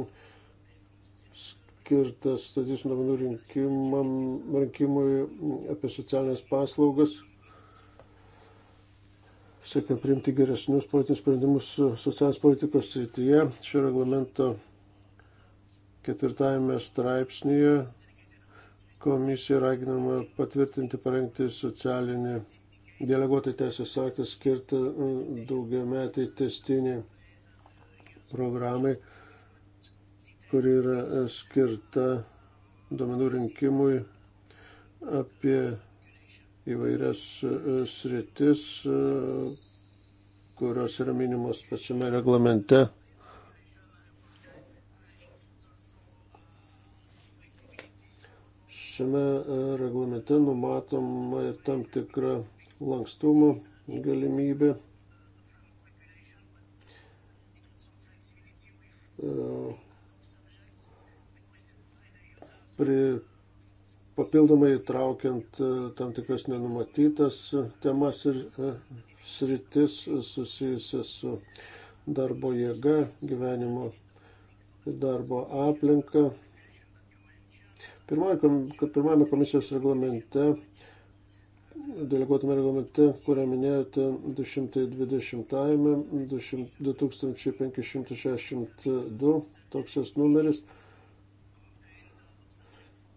skirtas statistinių duomenų rinkimui apie socialinės paslaugas, siekiant priimti geresnius politinius sprendimus socialinės politikos srityje. Šio reglamento ketvirtajame straipsnėje komisija raginama patvirtinti parengti socialinį deleguotą teisės aktą skirtą e, daugiametį testinį programai kuri yra e, skirta duomenų rinkimui apie įvairias e, sritis, e, kurios yra minimos pačiame reglamente. Šiame reglamente numatoma ir tam tikra lankstumo galimybė. Uh, pri, papildomai traukiant e, tam tikras nenumatytas temas ir e, sritis susijusias su darbo jėga, gyvenimo ir darbo aplinka. Pirmame komisijos reglamente, deleguotame reglamente, kurią minėjote 220-ame, 2562, toks jos numeris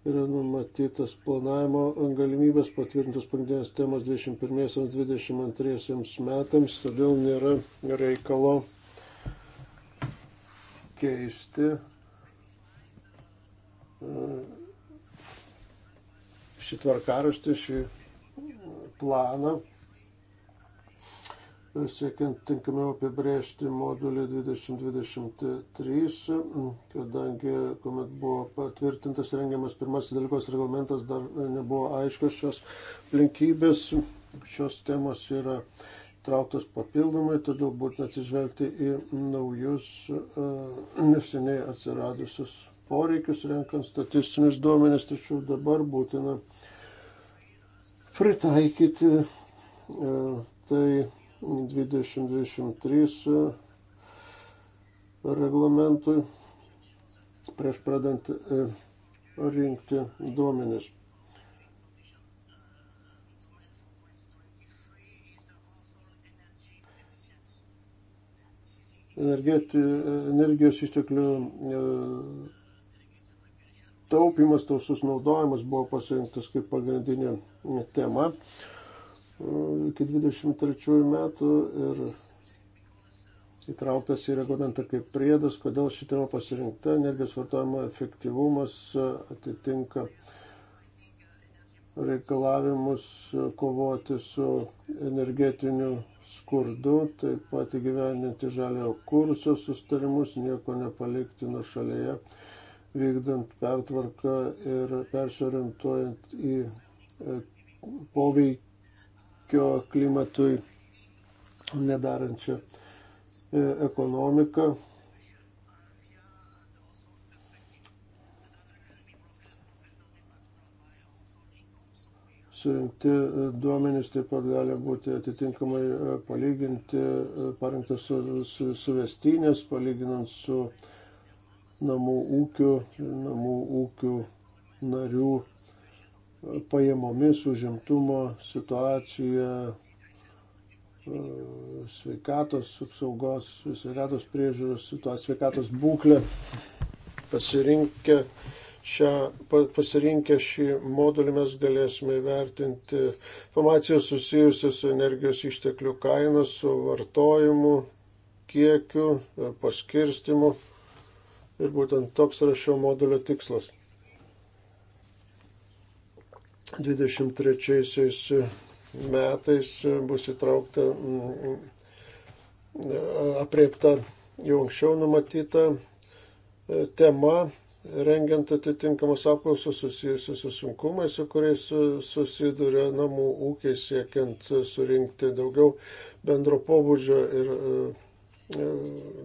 yra numatytas planavimo galimybės patvirtintos pagrindinės temos 21-22 metams, todėl nėra reikalo keisti e, šį tvarkaraštį, šį planą siekiant tinkamiau apibrėžti modulį 2023, kadangi, kuomet buvo patvirtintas rengiamas pirmasis dalykos reglamentas, dar nebuvo aiškios šios aplinkybės, šios temos yra trauktos papildomai, todėl būtina atsižvelgti į naujus e, neseniai atsiradusius poreikius, renkant statistinius duomenis, tačiau dabar būtina pritaikyti. E, tai 2023 reglamentui prieš pradant e, rinkti duomenis. Energeti, energijos išteklių e, taupimas, tausus naudojimas buvo pasirinktas kaip pagrindinė tema iki 23 metų ir įtrauktas į reglamentą kaip priedas, kodėl ši tema pasirinkta, energijos vartojimo efektyvumas atitinka reikalavimus kovoti su energetiniu skurdu, taip pat įgyveninti žaliojo kurso sustarimus, nieko nepalikti nuo šalyje, vykdant pertvarką ir persiorientuojant į e, poveikį poveikio klimatui nedarančią e, ekonomiką. Surinkti e, duomenys taip pat gali būti atitinkamai e, palyginti, parinktas su, su, suvestinės, palyginant su namų ūkių, namų ūkių narių pajamomis, užimtumo situacija, e, sveikatos apsaugos, sveikatos priežiūros situacija, sveikatos būklė pasirinkę. Šią, pasirinkę šį modulį mes galėsime įvertinti informaciją susijusią su energijos išteklių kaina, su vartojimu, kiekiu, paskirstimu. Ir būtent toks yra šio modulio tikslas. 23 metais bus įtraukta, mm, apriepta jau anksčiau numatyta e, tema, rengiant atitinkamas apklausas susijusius su sunkumais, su kuriais e, susiduria namų ūkiai siekiant surinkti daugiau bendro pobūdžio ir e,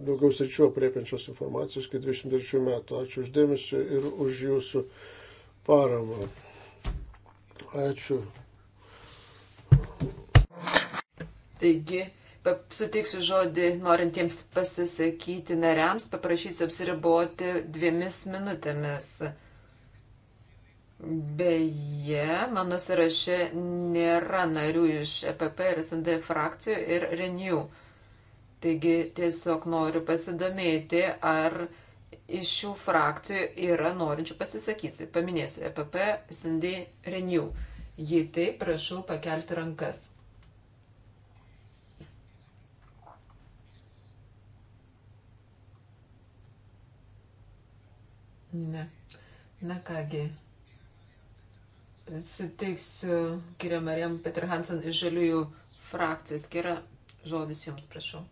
daugiau sričių apriepiančios informacijos iki 23 metų. Ačiū uždėmesi ir už jūsų paramą. Ačiū. Taigi, suteiksiu žodį norintiems pasisakyti nariams, paprašysiu apsiriboti dviemis minutėmis. Beje, mano sąraše nėra narių iš EPP ir SND frakcijų ir Renew. Taigi tiesiog noriu pasidomėti, ar iš šių frakcijų yra norinčių pasisakyti. Paminėsiu EPP, SND, Renew. Jei taip, prašau pakelti rankas. Ne. Na kągi. Suteiksiu Kiria Marijam Peterhansen iš žaliųjų frakcijos. Kira, žodis jums, prašau.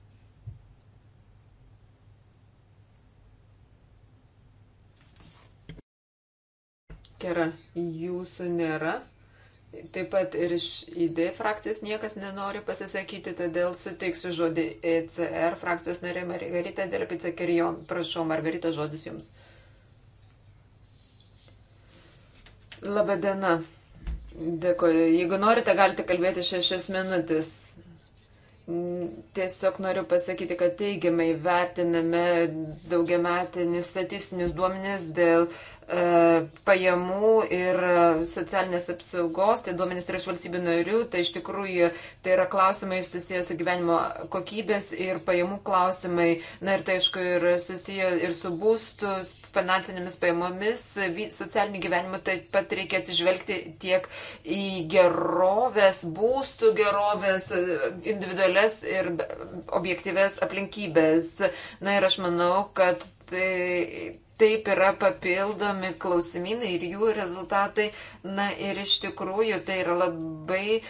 Kera, jūsų nėra. Taip pat ir iš ID frakcijos niekas nenori pasisakyti, todėl suteiksiu žodį ECR frakcijos narė Margarita Delpica Kerion. Prašau, Margarita, žodis jums. Labadiena. Dėkoju. Jeigu norite, galite kalbėti šešias minutės. Tiesiog noriu pasakyti, kad teigiamai vertiname daugiametinį statistinius duomenis dėl E, pajamų ir socialinės apsaugos, tai duomenys yra iš valstybių narių, tai iš tikrųjų tai yra klausimai susijęs su gyvenimo kokybės ir pajamų klausimai, na ir tai aišku yra susiję ir su būstu, finansinėmis pajamomis, socialinį gyvenimą taip pat reikia atsižvelgti tiek į gerovės, būstų gerovės, individualias ir objektyves aplinkybės. Na ir aš manau, kad tai taip yra papildomi klausimynai ir jų rezultatai. Na ir iš tikrųjų tai yra labai e,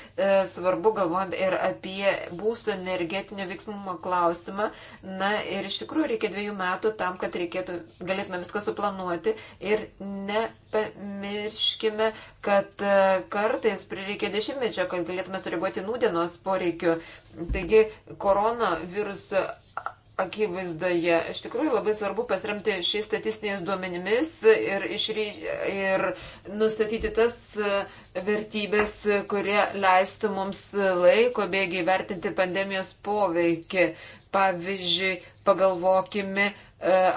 svarbu galvojant ir apie būsto energetinio veiksmumo klausimą. Na ir iš tikrųjų reikia dviejų metų tam, kad reikėtų, galėtume viską suplanuoti ir nepamirškime, kad e, kartais prireikia dešimtmečio, kad galėtume sureaguoti nūdienos poreikiu. Taigi koronaviruso akivaizdoje. Iš tikrųjų labai svarbu pasiremti šiais statistiniais duomenimis ir, išry, ir nustatyti tas e, vertybės, kurie leistų mums laiko bėgiai vertinti pandemijos poveikį. Pavyzdžiui, pagalvokime e,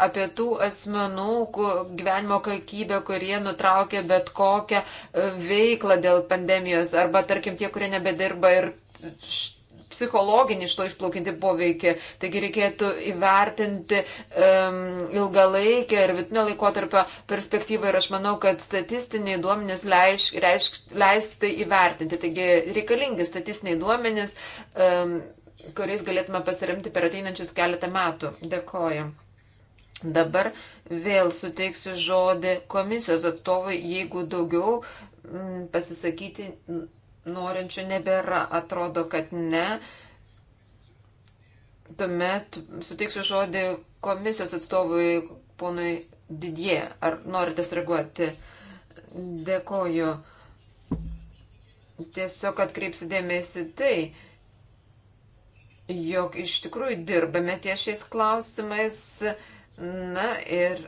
apie tų asmenų gyvenimo kokybę, kurie nutraukė bet kokią e, veiklą dėl pandemijos arba, tarkim, tie, kurie nebedirba ir št psichologinį iš to išplaukinti poveikį. Taigi reikėtų įvertinti um, ilgalaikę ir vidutinio laikotarpio perspektyvą ir aš manau, kad statistiniai duomenys leis, leis, leis tai įvertinti. Taigi reikalingi statistiniai duomenys, um, kuriais galėtume pasiremti per ateinančius keletą metų. Dėkoju. Dabar vėl suteiksiu žodį komisijos atstovui, jeigu daugiau m, pasisakyti norinčių nebėra, atrodo, kad ne. Tuomet suteiksiu žodį komisijos atstovui ponui Didie. Ar norite sureaguoti? Dėkoju. Tiesiog atkreipsiu dėmesį tai, jog iš tikrųjų dirbame ties šiais klausimais. Na ir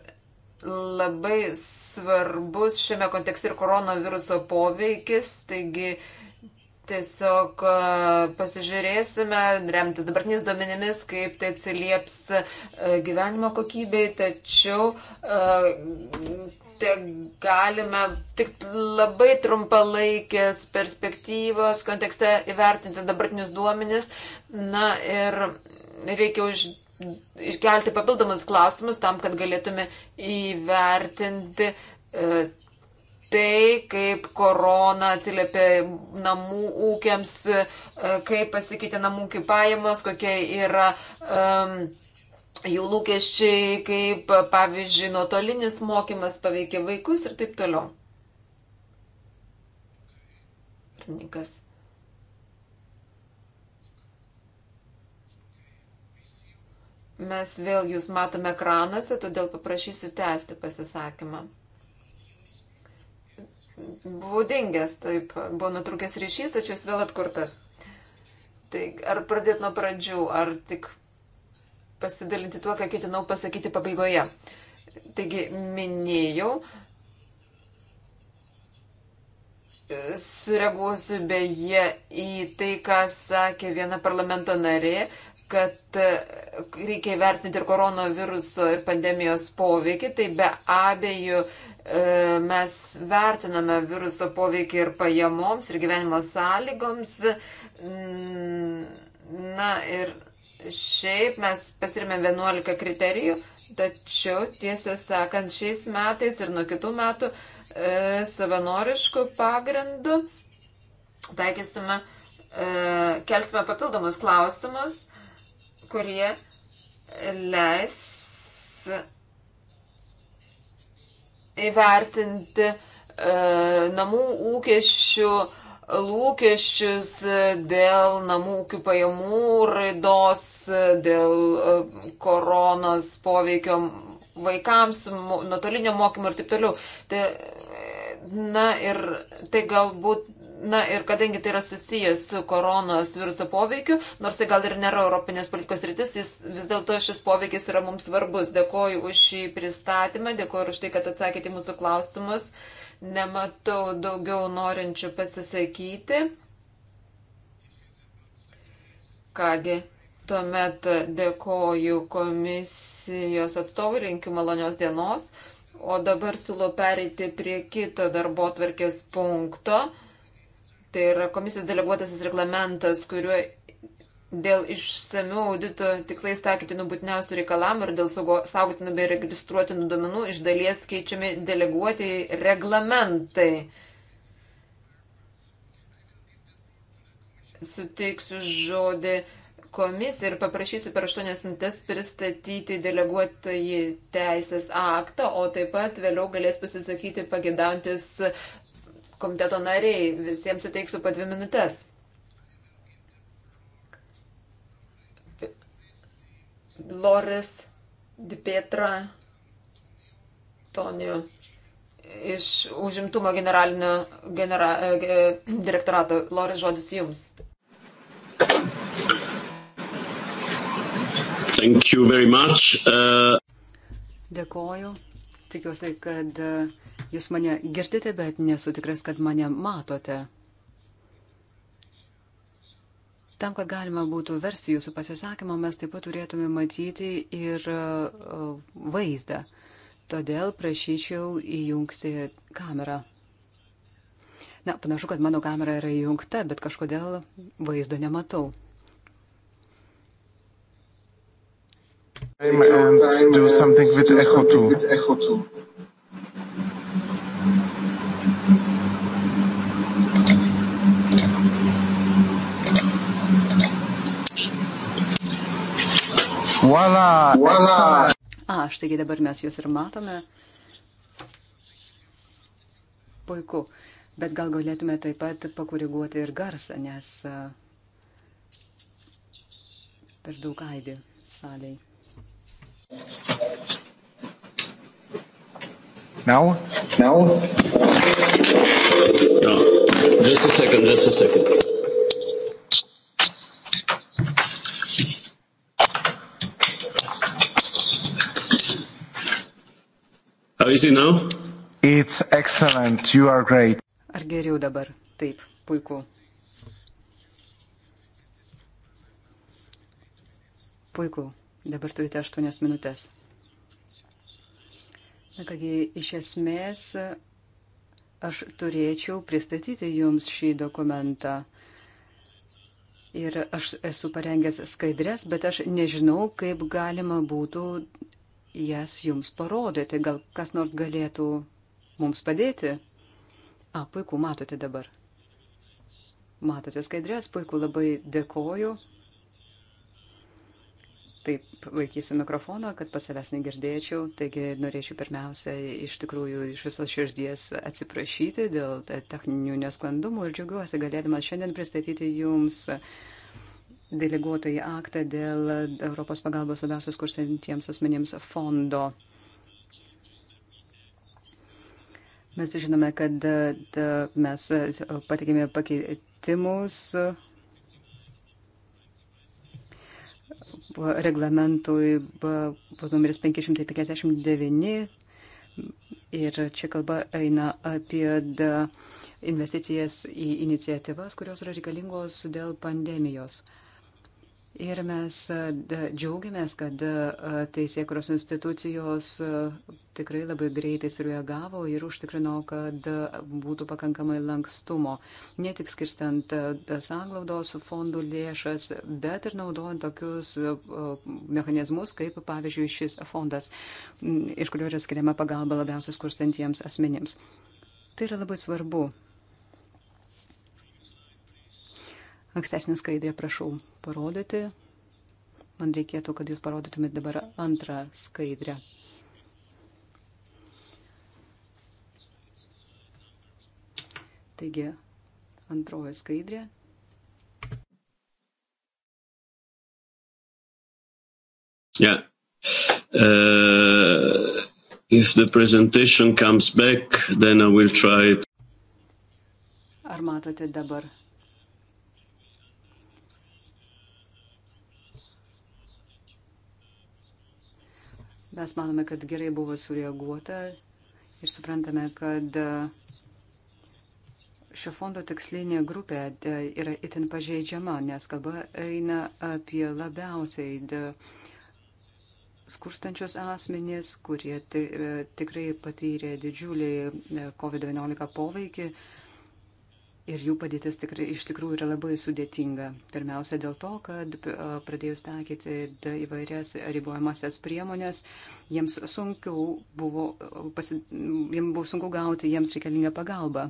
labai svarbus šiame kontekste ir koronaviruso poveikis, taigi Tiesiog e, pasižiūrėsime, remtis dabartiniais duomenimis, kaip tai atsilieps e, gyvenimo kokybei, tačiau e, te galime tik labai trumpalaikės perspektyvos kontekste įvertinti dabartinius duomenis. Na ir reikia už, iškelti papildomus klausimus tam, kad galėtume įvertinti tai, kaip korona atsiliepia namų ūkiams, e, kaip pasikeitė namų ūkių pajamos, kokie yra um, jų lūkesčiai, kaip, pavyzdžiui, nuotolinis mokymas paveikia vaikus ir taip toliau. Pirmininkas. Mes vėl jūs matome ekranuose, todėl paprašysiu tęsti pasisakymą buvo dingęs, taip, buvo nutrūkęs ryšys, tačiau jis vėl atkurtas. Tai ar pradėti nuo pradžių, ar tik pasidalinti tuo, ką ketinau pasakyti pabaigoje. Taigi minėjau, sureaguosiu beje į tai, ką sakė viena parlamento narė, kad e, reikia įvertinti ir koronaviruso ir pandemijos poveikį, tai be abejo e, mes vertiname viruso poveikį ir pajamoms, ir gyvenimo sąlygoms. Mm, na ir šiaip mes pasirime 11 kriterijų, tačiau tiesą sakant, šiais metais ir nuo kitų metų e, savanoriškų pagrindų taikysime, kelsime papildomus klausimus kurie leis įvertinti e, namų ūkesčių, lūkesčius dėl namų ūkių pajamų raidos, dėl e, koronos poveikio vaikams, nuotolinio mokymo ir taip toliau. Tai, e, na ir tai galbūt Na ir kadangi tai yra susijęs su koronos viruso poveikiu, nors tai gal ir nėra Europinės politikos rytis, jis, vis dėlto šis poveikis yra mums svarbus. Dėkoju už šį pristatymą, dėkoju už tai, kad atsakėte mūsų klausimus. Nematau daugiau norinčių pasisakyti. Kągi, tuomet dėkoju komisijos atstovui, linkiu malonios dienos. O dabar siūlau pereiti prie kito darbo tvarkės punkto. Tai yra komisijos deleguotasis reglamentas, kuriuo dėl išsamių audito tikslais taikytinų būtiniausių reikalavimų ir dėl saugotinų bei registruotinų duomenų iš dalies keičiami deleguoti reglamentai. Suteiksiu žodį komisiją ir paprašysiu per 8 minutės pristatyti deleguotąjį teisės aktą, o taip pat vėliau galės pasisakyti pagėdantis komiteto nariai, visiems suteiksiu po dvi minutės. Loris Dipietra Tonio iš užimtumo generalinio genera, e, e, direktorato. Loris, žodis jums. Thank you very much. Uh... Dėkoju. Tikiuosi, kad uh, Jūs mane girdite, bet nesu tikras, kad mane matote. Tam, kad galima būtų versti jūsų pasisakymą, mes taip pat turėtume matyti ir e, vaizdą. Todėl prašyčiau įjungti kamerą. Na, panašu, kad mano kamera yra įjungta, bet kažkodėl vaizdo nematau. And do something with echo too. Voila! Voila! A, štai dabar mes juos ir matome. Puiku. Bet gal galėtume taip pat pakoreguoti ir garsą, nes per daug aidi salėj. Now? Now? No. Just a second, just a second. crazy now? It's excellent. You are great. Ar geriau dabar? Taip, puiku. Puiku. Dabar turite 8 minutės. Na kągi, iš esmės aš turėčiau pristatyti jums šį dokumentą. Ir aš esu parengęs skaidrės, bet aš nežinau, kaip galima būtų jas jums parodyti. Gal kas nors galėtų mums padėti? A, puiku, matote dabar. Matote skaidrės, puiku, labai dėkoju. Taip, vaikysiu mikrofoną, kad pas savęs negirdėčiau. Taigi norėčiau pirmiausia iš tikrųjų iš visos širdies atsiprašyti dėl techninių nesklandumų ir džiaugiuosi galėdamas šiandien pristatyti jums uh, deleguotojai aktą dėl Europos pagalbos labiausiai skursantiems asmenėms fondo. Mes žinome, kad mes patikėme pakeitimus reglamentui numeris 559 ir čia kalba eina apie investicijas į iniciatyvas, kurios yra reikalingos dėl pandemijos. Uh, Ir mes e, džiaugiamės, kad e, teisėkros institucijos e, tikrai labai greitai sureagavo ir užtikrino, kad būtų pakankamai lankstumo, ne tik skirstant sanglaudos fondų lėšas, bet ir naudojant tokius mechanizmus, kaip pavyzdžiui šis fondas, iš kurio yra skiriama pagalba labiausiai skurstantiems asmenims. Tai yra labai svarbu, Ankstesnį skaidę prašau parodyti. Man reikėtų, kad jūs parodytumėt dabar antrą skaidrę. Taigi, antroji skaidrė. Yeah. Uh, if the presentation comes back, then I will try. It. Ar matote dabar Mes manome, kad gerai buvo sureaguota ir suprantame, kad e, šio fondo tikslinė grupė e, yra itin pažeidžiama, nes kalba eina apie labiausiai e, skurstančius asmenys, kurie tikrai patyrė didžiulį COVID-19 poveikį Ir jų padėtis tikrai, iš tikrųjų yra labai sudėtinga. Pirmiausia dėl to, kad pradėjus taikyti įvairias ribojamasias priemonės, jiems sunkiau buvo, pasi, jiems buvo sunku gauti jiems reikalingą pagalbą.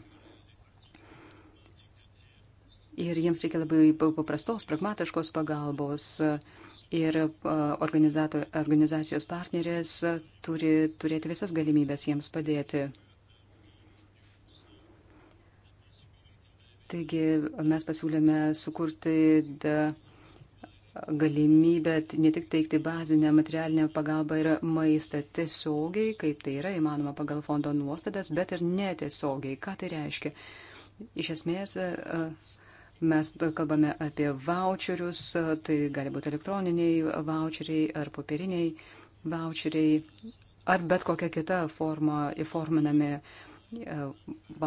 Ir jiems reikia labai paprastos, pragmatiškos pagalbos. Ir organizacijos partnerės turi turėti visas galimybės jiems padėti. Taigi mes pasiūlėme sukurti galimybę ne tik teikti bazinę materialinę pagalbą ir maistą tiesiogiai, kaip tai yra įmanoma pagal fondo nuostatas, bet ir netiesiogiai. Ką tai reiškia? Iš esmės, mes kalbame apie voucherius, tai gali būti elektroniniai voucheriai ar popieriniai voucheriai ar bet kokia kita forma įforminami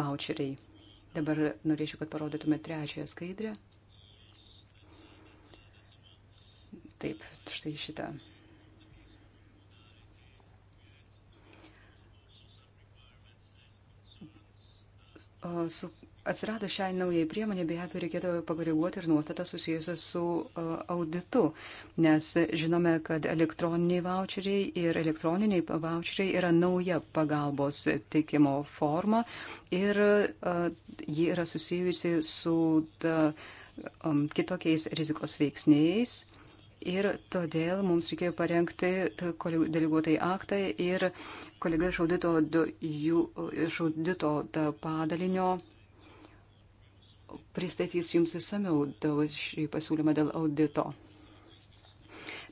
voucheriai. Dabar norėčiau, kad parodytume trečiąją skaidrę. Taip, štai šitą. O, su Atsirado šiai naujai priemonė, be abejo, reikėtų pakoreguoti ir nuostatą susijusią su e, auditu, nes žinome, kad elektroniniai voucheriai ir elektroniniai voucheriai yra nauja pagalbos teikimo forma ir e, ji yra susijusi su da, e, um, kitokiais rizikos veiksniais. Ir todėl mums reikėjo parengti deleguotai aktą ir kolega iš audito, jų, iš audito padalinio pristatys jums išsameu šį pasiūlymą dėl audito.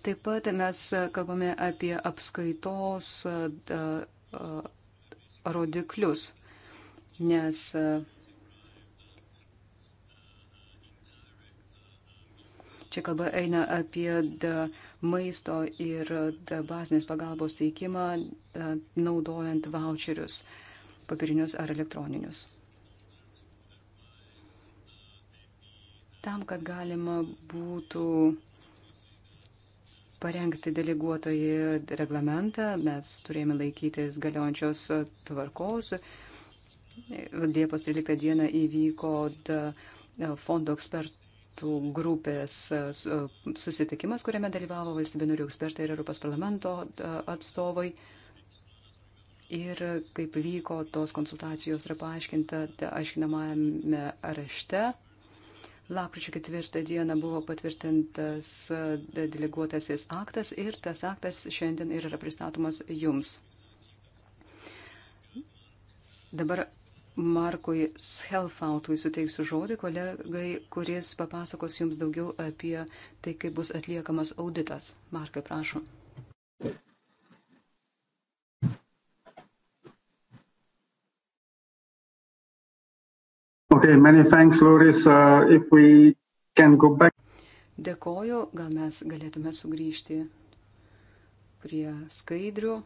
Taip pat mes kalbame apie apskaitos rodiklius, nes Čia kalba eina apie maisto ir bazinės pagalbos teikimą naudojant voucherius, papirinius ar elektroninius. tam, kad galima būtų parengti deleguotojį reglamentą, mes turėjome laikytis galiojančios tvarkos. Liepos 13 dieną įvyko fondo ekspertų grupės susitikimas, kuriame dalyvavo valstybė narių ekspertai ir Europos parlamento atstovai. Ir kaip vyko tos konsultacijos yra paaiškinta aiškinamajame rašte. Lapkričio ketvirtą dieną buvo patvirtintas deleguotasis aktas ir tas aktas šiandien ir yra pristatomas jums. Dabar Markui Schelfautui suteiksiu žodį kolegai, kuris papasakos jums daugiau apie tai, kaip bus atliekamas auditas. Markai, prašom. Okay, many thanks, Loris. Uh, if we can go back. Dėkoju, gal mes galėtume sugrįžti prie skaidrių.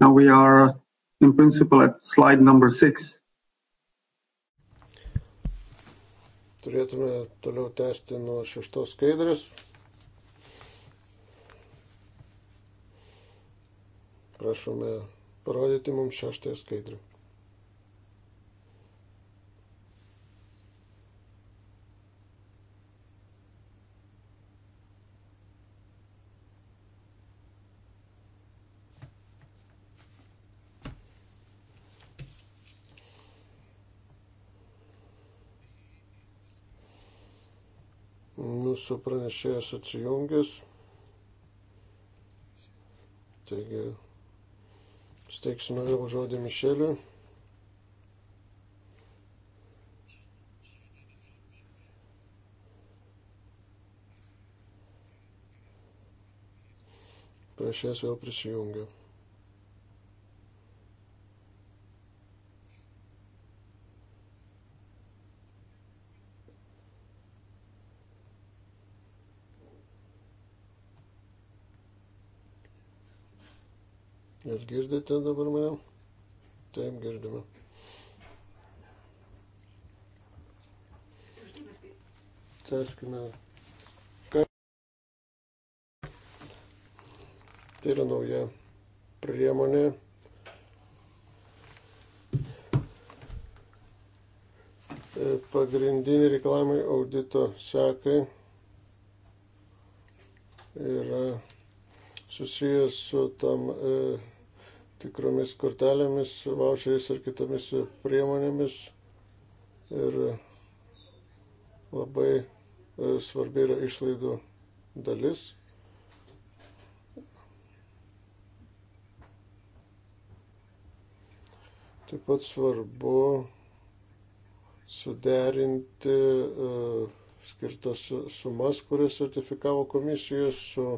Now we are in principle at slide number six. Turėtume toliau tęsti nuo šeštos skaidrės. Prašome parodyti mums šeštąją skaidrą. mūsų pranešėjas atsijungęs. Taigi Steiksime vėl žodį Mišeliui. Prieš jas vėl prisijungiu. Jūs girdite dabar mane? Taip, girdime. Tęskime. Tai yra nauja priemonė. E, pagrindiniai reikalavimai audito sekai yra susijęs su tam e, tikromis kortelėmis, vaucheriais ir kitomis priemonėmis. Ir labai e, svarbi yra išlaidų dalis. Taip pat svarbu suderinti e, skirtas sumas, kurias sertifikavo komisijos su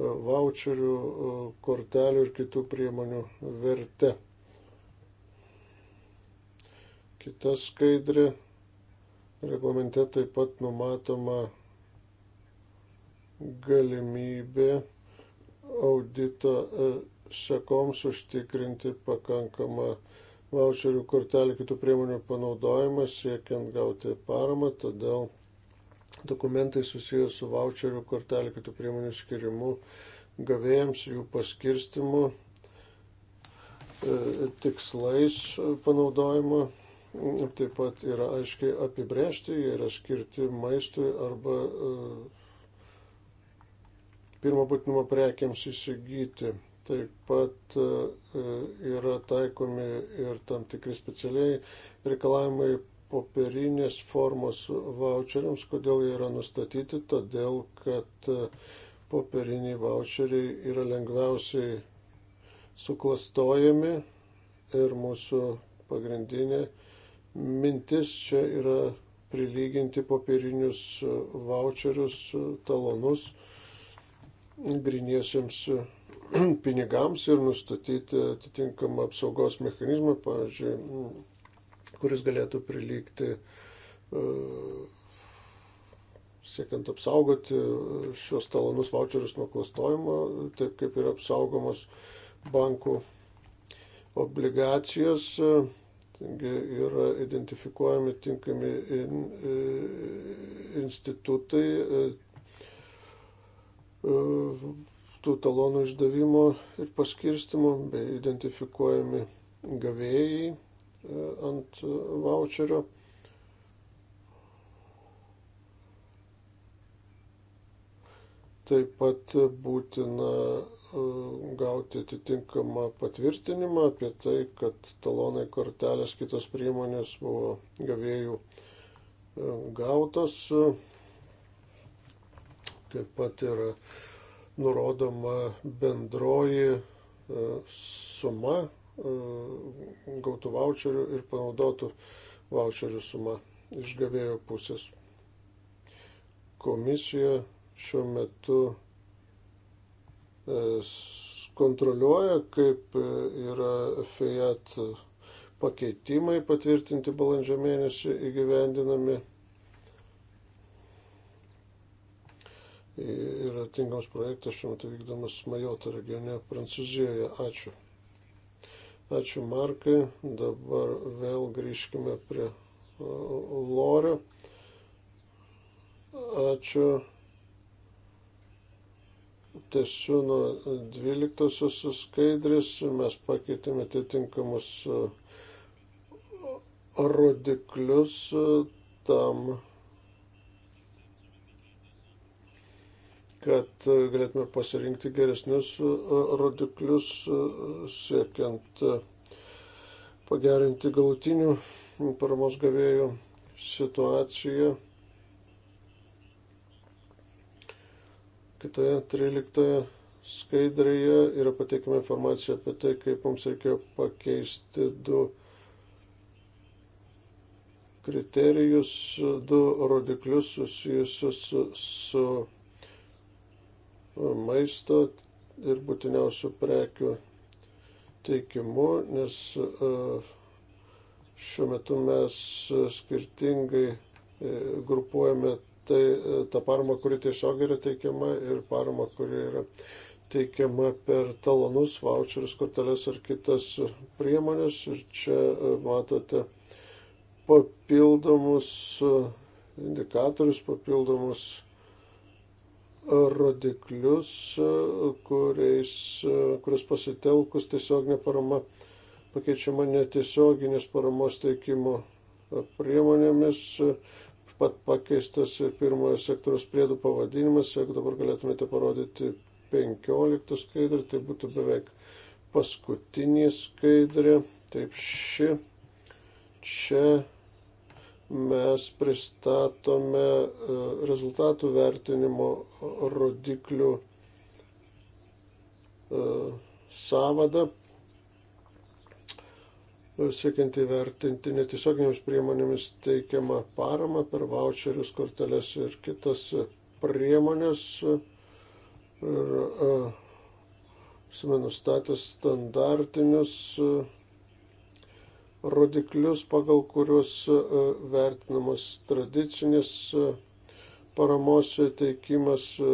voucherių, kortelių ir kitų priemonių verte. Kita skaidrė. Reglamente taip pat numatoma galimybė audito šakoms e, užtikrinti pakankamą voucherių kortelių kitų priemonių panaudojimą siekiant gauti paramą, todėl dokumentai susijęs su voucherių kortelė, kitų priemonių skirimu gavėjams, jų paskirstimu, e, tikslais panaudojimo. Taip pat yra aiškiai apibrėžti, jie yra skirti maistui arba e, pirmo būtinumo prekiams įsigyti. Taip pat e, yra taikomi ir tam tikri specialiai reikalavimai popierinės formos voucheriams, kodėl jie yra nustatyti, todėl kad e, popieriniai voucheriai yra lengviausiai suklastojami ir mūsų pagrindinė mintis čia yra prilyginti popierinius voucherius, talonus griniesiems pinigams ir nustatyti atitinkamą apsaugos mechanizmą, pavyzdžiui, kuris galėtų prilygti e, siekiant apsaugoti šios talonus voucherius nuo klastojimo, taip kaip yra apsaugomos bankų obligacijos. E, taigi yra identifikuojami tinkami in, e, institutai tų talonų išdavimo ir paskirstimo, bei identifikuojami gavėjai ant voucherio. Taip pat būtina e, gauti atitinkamą patvirtinimą apie tai, kad talonai, kortelės, kitos priemonės buvo gavėjų e, gautos. Taip pat yra nurodoma bendroji e, suma E, gautų voucherių ir panaudotų voucherių suma iš gavėjo pusės. Komisija šiuo metu e, kontroliuoja, kaip yra FIAT pakeitimai patvirtinti balandžio mėnesį įgyvendinami. Ir tinkamas projektas šiuo metu vykdomas Majoto regione Prancūzijoje. Ačiū. Ačiū Markai. Dabar vėl grįžkime prie Lorio. Ačiū. Tiesiu nuo 12 skaidrės mes pakeitėme atitinkamus rodiklius tam kad galėtume pasirinkti geresnius e, rodiklius, e, siekiant e, pagerinti galutinių paramos gavėjų situaciją. Kitoje 13 skaidrėje yra pateikima informacija apie tai, kaip mums reikėjo pakeisti du kriterijus, du rodiklius susijusius su, su maisto ir būtiniausių prekių teikimu, nes e, šiuo metu mes skirtingai e, grupuojame tai, e, tą paramą, kuri tiesiog yra teikiama ir paramą, kuri yra teikiama per talonus, voucherius, korteles ar kitas priemonės. Ir čia matote papildomus indikatorius, papildomus rodiklius, kuriais, kuris pasitelkus tiesioginė parama pakeičiama netiesioginės paramos teikimo priemonėmis, pat pakeistas ir pirmojo sektoriaus priedų pavadinimas, jeigu dabar galėtumėte parodyti 15 skaidrį, tai būtų beveik paskutinė skaidrė, taip ši čia mes pristatome e, rezultatų vertinimo rodiklių e, savadą, siekiant įvertinti netiesioginėms priemonėmis teikiamą paramą per voucherius, korteles ir kitas priemonės. Ir e, esame nustatę standartinius uh, rodiklius, pagal kuriuos e, vertinamas tradicinis e, paramos teikimas e,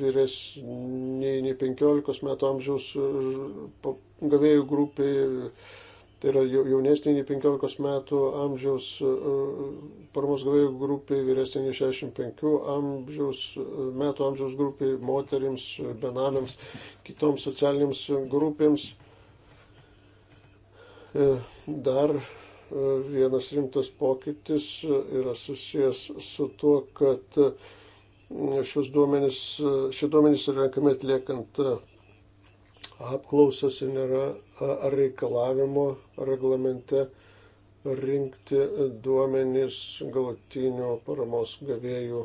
vyresniai nei 15 metų amžiaus gavėjų grupiai, tai yra jaunesniai nei 15 metų amžiaus paramos gavėjų grupiai, vyresniai nei 65 amžiaus, metų amžiaus grupiai, moteriams, benamiams, kitoms socialinėms grupėms E, dar e, vienas rimtas pokytis e, yra susijęs su tuo, kad šios duomenys, šie duomenys yra renkami atliekant apklausas ir nėra reikalavimo reglamente rinkti duomenys galutinių paramos gavėjų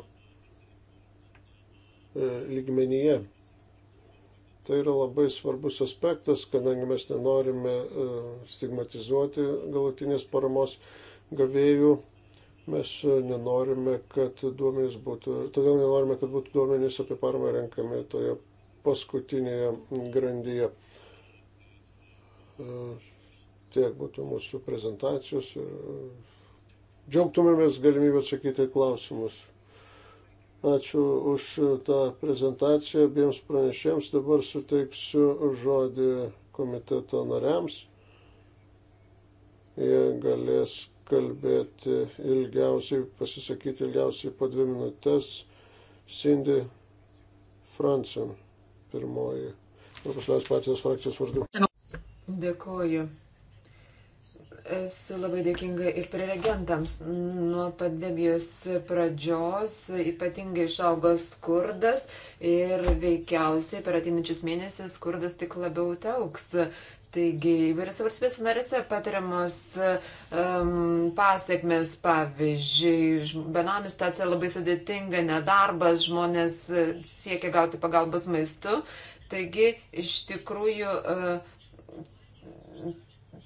lygmenyje. Tai yra labai svarbus aspektas, kadangi mes nenorime e, stigmatizuoti galutinės paramos gavėjų, mes e, nenorime, kad duomenys būtų, todėl nenorime, kad būtų duomenys apie paramą renkami toje paskutinėje grandyje. E, tiek būtų mūsų prezentacijos ir džiaugtumėmės galimybę atsakyti klausimus. Ačiū už tą prezentaciją abiems pranešėjams. Dabar suteiksiu žodį komiteto nariams. Jie galės kalbėti ilgiausiai, pasisakyti ilgiausiai po dvi minutės. Cindy Fransen, pirmoji Europos Liaudės partijos frakcijos vardu. Dėkoju. Esu labai dėkinga ir prelegentams. Nuo pandemijos pradžios ypatingai išaugo skurdas ir veikiausiai per ateinančius mėnesius skurdas tik labiau auks. Taigi įvairiose valstybės narėse patiriamos um, pasiekmes, pavyzdžiui, benamių situacija labai sudėtinga, nedarbas, žmonės e, siekia gauti pagalbas maistu. Taigi iš tikrųjų uh,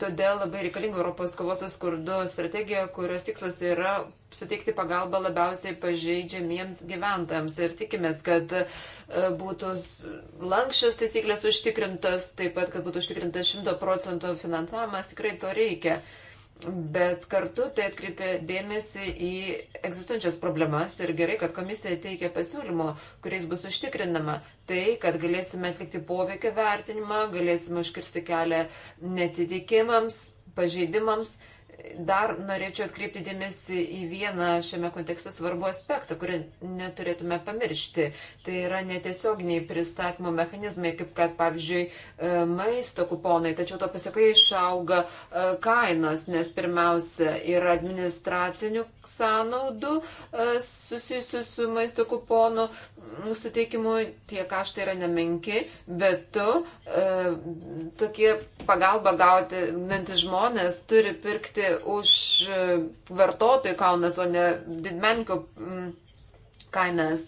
Todėl labai reikalinga Europos kovos su skurdu strategija, kurios tikslas yra suteikti pagalbą labiausiai pažeidžiamiems gyventojams. Ir tikimės, kad e, būtų lankščios taisyklės užtikrintas, taip pat, kad būtų užtikrintas 100 procentų finansavimas, tikrai to reikia. Uh, bet kartu tai atkreipia dėmesį į egzistuojančias problemas ir gerai, kad komisija teikia pasiūlymo, kuriais bus užtikrinama tai, kad galėsime atlikti poveikio vertinimą, galėsime užkirsti kelią netitikimams, pažeidimams dar norėčiau atkreipti dėmesį į vieną šiame kontekste svarbu aspektą, kurį neturėtume pamiršti. Tai yra netiesioginiai pristatymo mechanizmai, kaip kad, pavyzdžiui, e, maisto kuponai, tačiau to pasakai išauga e, kainos, nes pirmiausia yra administracinių sąnaudų e, susijusių su maisto kuponu suteikimu tie kaštai yra nemenki, bet tu e, tokie pagalba gautinantis žmonės turi pirkti už e, vartotojų kaunas, o ne didmenko kainas.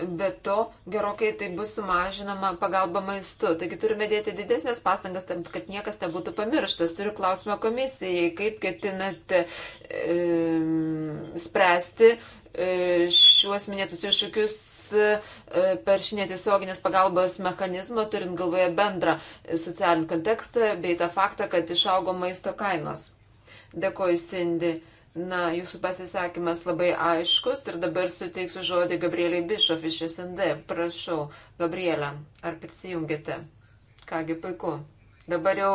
Bet to gerokai tai bus sumažinama pagalba maistu. Taigi turime dėti didesnės pastangas, kad niekas nebūtų pamirštas. Turiu klausimą komisijai, kaip ketinate e, spręsti e, šiuos minėtus iššūkius E, per šį netiesioginės pagalbos mechanizmą, turint galvoje bendrą socialinį kontekstą bei tą faktą, kad išaugo maisto kainos. Dėkoju, Cindy. Na, jūsų pasisakymas labai aiškus ir dabar suteiksiu žodį Gabrieliai Bišof iš SND. Prašau, Gabrielę, ar prisijungite? Kągi, puiku. Dabar jau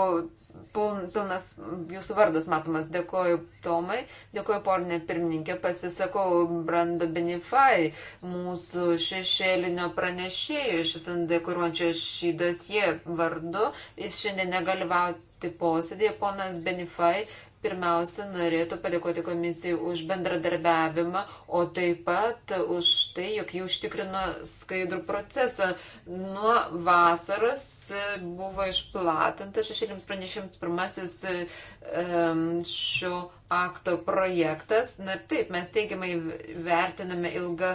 pilnas jūsų vardas matomas. Dėkoju Tomai, dėkoju pornė pirmininkė, pasisakau Brando Benifai, mūsų šešėlinio pranešėjo iš SND kuruojančio šį dosiją vardu. Jis šiandien negalvauti posėdėje. Ponas Benifai pirmiausia, norėtų padėkoti komisijai už bendradarbiavimą, o taip pat už tai, jog jį užtikrino skaidrų procesą. Nuo vasaros E, buvo išplatintas šešėlims pranešimt pirmasis e, šio akto projektas. Na ir taip, mes teigiamai vertiname ilgą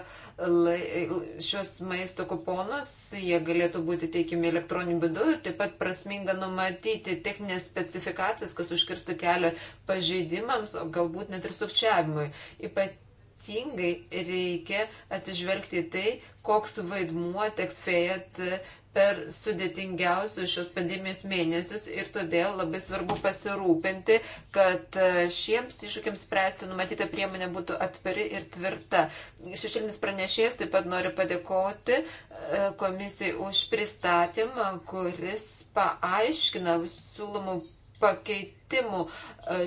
šios maisto kuponus, jie galėtų būti teikiami elektroniniu būdu, taip pat prasminga numatyti techninės specifikacijas, kas užkirstų kelią pažeidimams, o galbūt net ir sukčiavimui. Ypat ypatingai reikia atsižvelgti į tai, koks vaidmuo teks fėjat per sudėtingiausius šios pandemijos mėnesius ir todėl labai svarbu pasirūpinti, kad e, šiems iššūkiams spręsti numatyta priemonė būtų atpari ir tvirta. Šešėlinis pranešėjas taip pat noriu padėkoti e, komisijai už pristatymą, kuris paaiškina siūlomų pakeitimų e,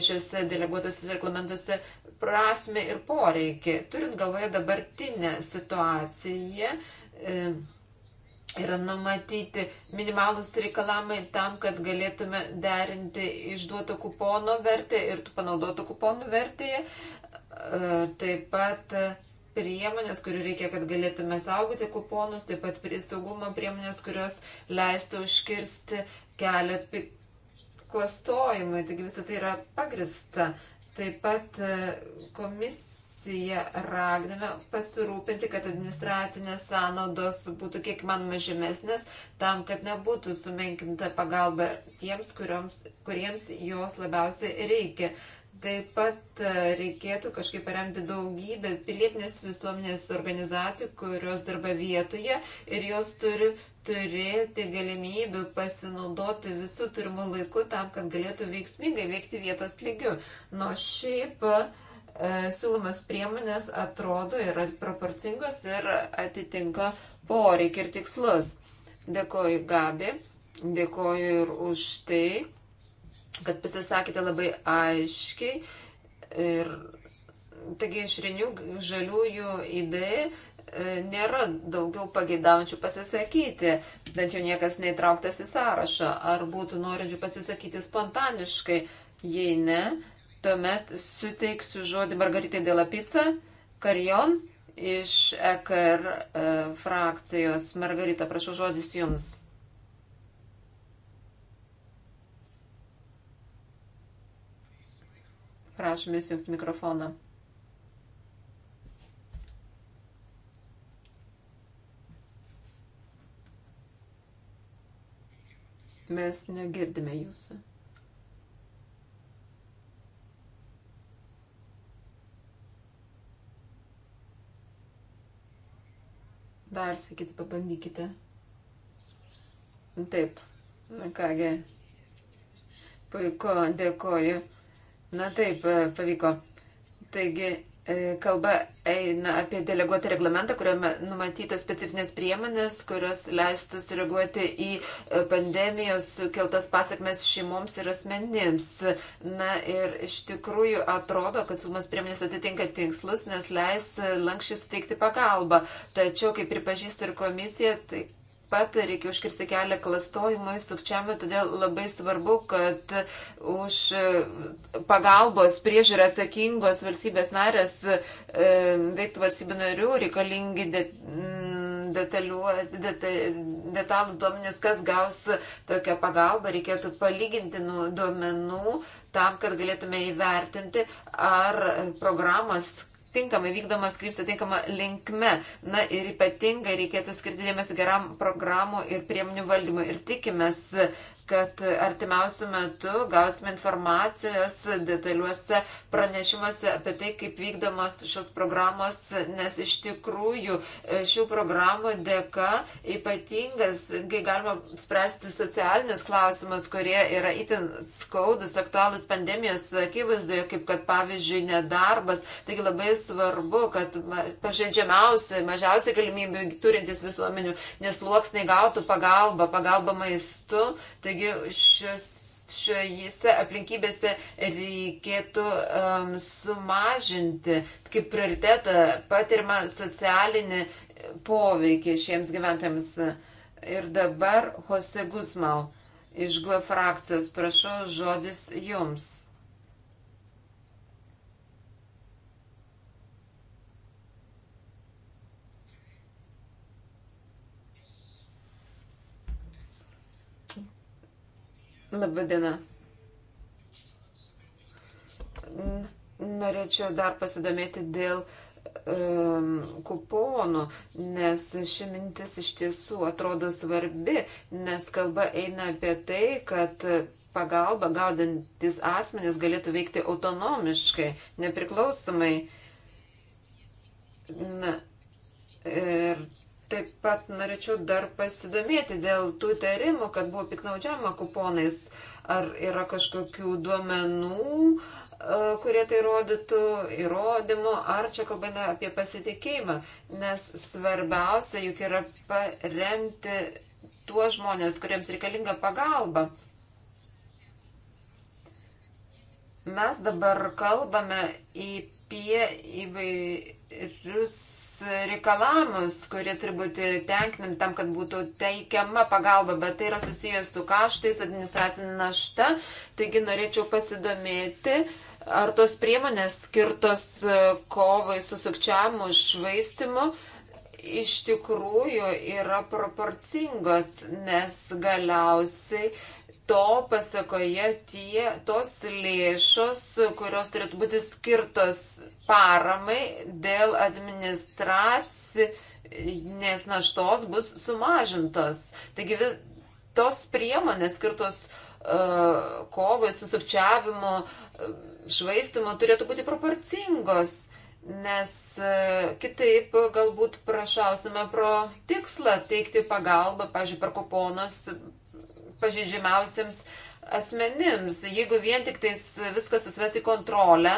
šiuose deleguotose reglamentuose prasme ir poreikį. Turint galvoje dabartinę situaciją, yra numatyti minimalus reikalavimai tam, kad galėtume derinti išduoto kupono vertę ir tų panaudotų kuponų vertėje. Taip pat priemonės, kurių reikia, kad galėtume saugoti kuponus, taip pat prie saugumo priemonės, kurios leistų užkirsti kelią klastojimui. Taigi visą tai yra pagrista. Taip pat e, komisija komisiją ragname pasirūpinti, kad administracinės sąnaudos būtų kiek manoma žemesnės, tam, kad nebūtų sumenkinta pagalba tiems, kurioms, kuriems jos labiausiai reikia. Taip pat e, reikėtų kažkaip paremti daugybę pilietinės visuomenės organizacijų, kurios dirba vietoje ir jos turi turėti galimybę pasinaudoti visų turimų laikų tam, kad galėtų veiksmingai veikti vietos lygiu. Nuo šiaip uh, E, siūlomas priemonės atrodo yra proporcingos ir atitinka poreikį ir tikslus. Dėkoju Gabi, dėkoju ir už tai, kad pasisakėte labai aiškiai. Ir taigi iš rinių žaliųjų idėjai e, nėra daugiau pagėdaujančių pasisakyti, bent jau niekas neįtrauktas į sąrašą, ar būtų norinčių pasisakyti spontaniškai, jei ne, Tuomet suteiksiu žodį Margaritai Delapica, Karjon iš EKR e, frakcijos. Margarita, prašau žodis jums. Prašom įsijungti mikrofoną. Mes negirdime jūsų. Dar sakyti, pabandykite. Taip. Na kągi. Puiku, dėkoju. Na taip, pavyko. Taigi, E, kalba eina apie deleguotą reglamentą, kuriame numatytos specifinės priemonės, kurios leistų sureaguoti į e, pandemijos sukeltas pasakmes šeimoms ir asmenims. Na ir iš tikrųjų atrodo, kad sumas priemonės atitinka tikslus, nes leis lankščiai suteikti pagalbą. Tačiau, kaip pripažįsta ir komisija, tai pat reikia užkirsti kelią klastojimui, sukčiamui, todėl labai svarbu, kad už e, pagalbos priežiūrą atsakingos valstybės narės e, veiktų valstybių narių reikalingi mm, detalus deta, duomenys, kas gaus tokią pagalbą, reikėtų palyginti nu, duomenų tam, kad galėtume įvertinti, ar programos tinkamai vykdomas, krypsta tinkama linkme. Na ir ypatingai reikėtų skirti dėmesį geram programų ir priemonių valdymui. Ir tikimės kad artimiausių metų gausime informacijos detaliuose pranešimuose apie tai, kaip vykdomos šios programos, nes iš tikrųjų e, šių programų dėka ypatingas, kai galima spręsti socialinius klausimus, kurie yra itin skaudus, aktualus pandemijos akivaizdoje, kaip kad pavyzdžiui nedarbas. Taigi labai svarbu, kad pažeidžiamiausi, mažiausiai galimybių turintys visuomenių nesluoksniai gautų pagalbą, pagalbą maistu. Tai Taigi šios, šiose aplinkybėse reikėtų um, sumažinti kaip prioritetą patirimą socialinį poveikį šiems gyventojams. Ir dabar Jose Guzmau iš GUE frakcijos prašau žodis jums. Labadiena. Norėčiau dar pasidomėti dėl kuponų, nes ši mintis iš tiesų atrodo svarbi, nes kalba eina apie tai, kad pagalba gaudantis asmenys galėtų veikti autonomiškai, nepriklausomai. Na, ir Taip pat norėčiau dar pasidomėti dėl tų įtarimų, kad buvo piknaudžiama kuponais. Ar yra kažkokių duomenų, e, kurie tai rodytų, įrodymų, ar čia kalbame apie pasitikėjimą. Nes svarbiausia juk yra paremti tuos žmonės, kuriems reikalinga pagalba. Mes dabar kalbame apie įvairius reikalavimus, kurie turi būti tenkinami tam, kad būtų teikiama pagalba, bet tai yra susijęs su kaštais, administracinė našta. Taigi norėčiau pasidomėti, ar tos priemonės skirtos e, kovai su sukčiavimu, švaistimu iš tikrųjų yra proporcingos, nes galiausiai uh, to pasakoje tie, tos lėšos, kurios turėtų būti skirtos paramai dėl administracinės naštos bus sumažintos. Taigi tos priemonės skirtos uh, kovai su sukčiavimu, e, švaistimu turėtų būti proporcingos, nes uh, kitaip galbūt prašausime pro tikslą teikti pagalbą, pažiūrėjau, per kuponus pažeidžiamiausiams asmenims. Jeigu vien tik tais viskas susves į kontrolę,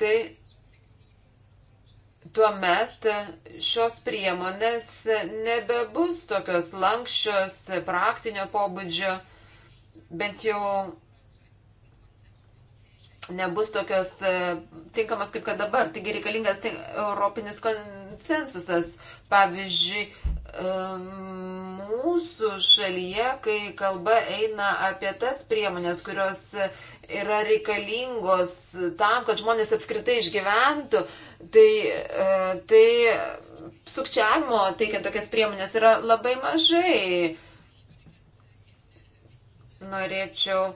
tai tuomet šios priemonės nebebus tokios lankščios praktinio pobūdžio, bent jau nebus tokios e, tinkamos kaip kad dabar. Taigi reikalingas tink, europinis konsensusas. Pavyzdžiui, mūsų šalyje, kai kalba eina apie tas priemonės, kurios yra reikalingos tam, kad žmonės apskritai išgyventų, tai, e, tai sukčiavimo teikiant tokias priemonės yra labai mažai. Norėčiau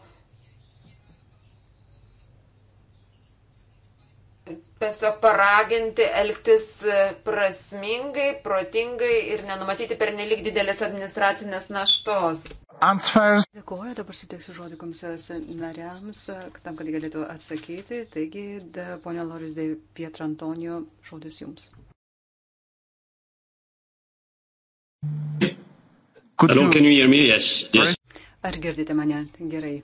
tiesiog paraginti elgtis e, prasmingai, protingai ir nenumatyti per nelik didelės administracinės naštos. Answers. Dėkuoju, dabar suteiksiu žodį komisijos nariams, e, tam, kad galėtų atsakyti. Taigi, ponia Loris de Pietro Antonijo, žodis jums. Hello, can you hear me? Yes, yes. Ar girdite mane? Gerai.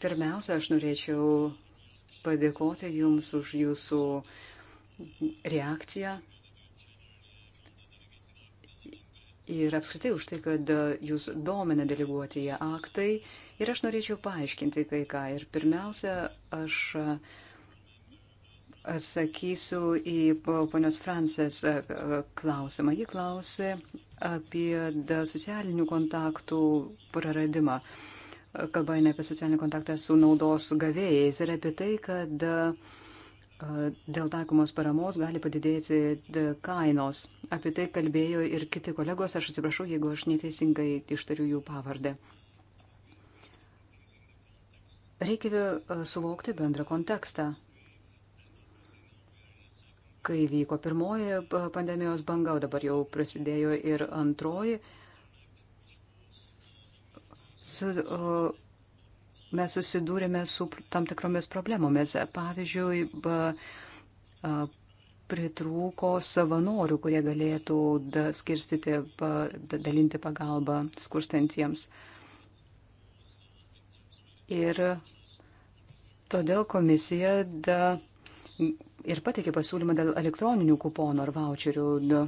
Pirmiausia, aš norėčiau padėkoti Jums už Jūsų reakciją ir apskritai už tai, kad Jūs domina deleguoti jie aktai. Ir aš norėčiau paaiškinti kai ką. Ir pirmiausia, aš atsakysiu į ponios Frances e, e, klausimą. Ji klausė apie socialinių kontaktų praradimą kalba eina apie socialinį kontaktą su naudos gavėjais ir apie tai, kad e, dėl taikomos paramos gali padidėti e, kainos. Apie tai kalbėjo ir kiti kolegos, aš atsiprašau, jeigu aš neteisingai ištariu jų pavardę. Reikia e, suvokti bendrą kontekstą. Kai vyko pirmoji pandemijos banga, o dabar jau prasidėjo ir antroji, uh, su, mes susidūrėme su tam tikromis problemomis. Pavyzdžiui, ba, pritrūko savanorių, kurie galėtų da, skirstyti, ba, da, dalinti pagalbą skurstantiems. Ir todėl komisija da, ir pateikė pasiūlymą dėl elektroninių kuponų ar voucherių. Da,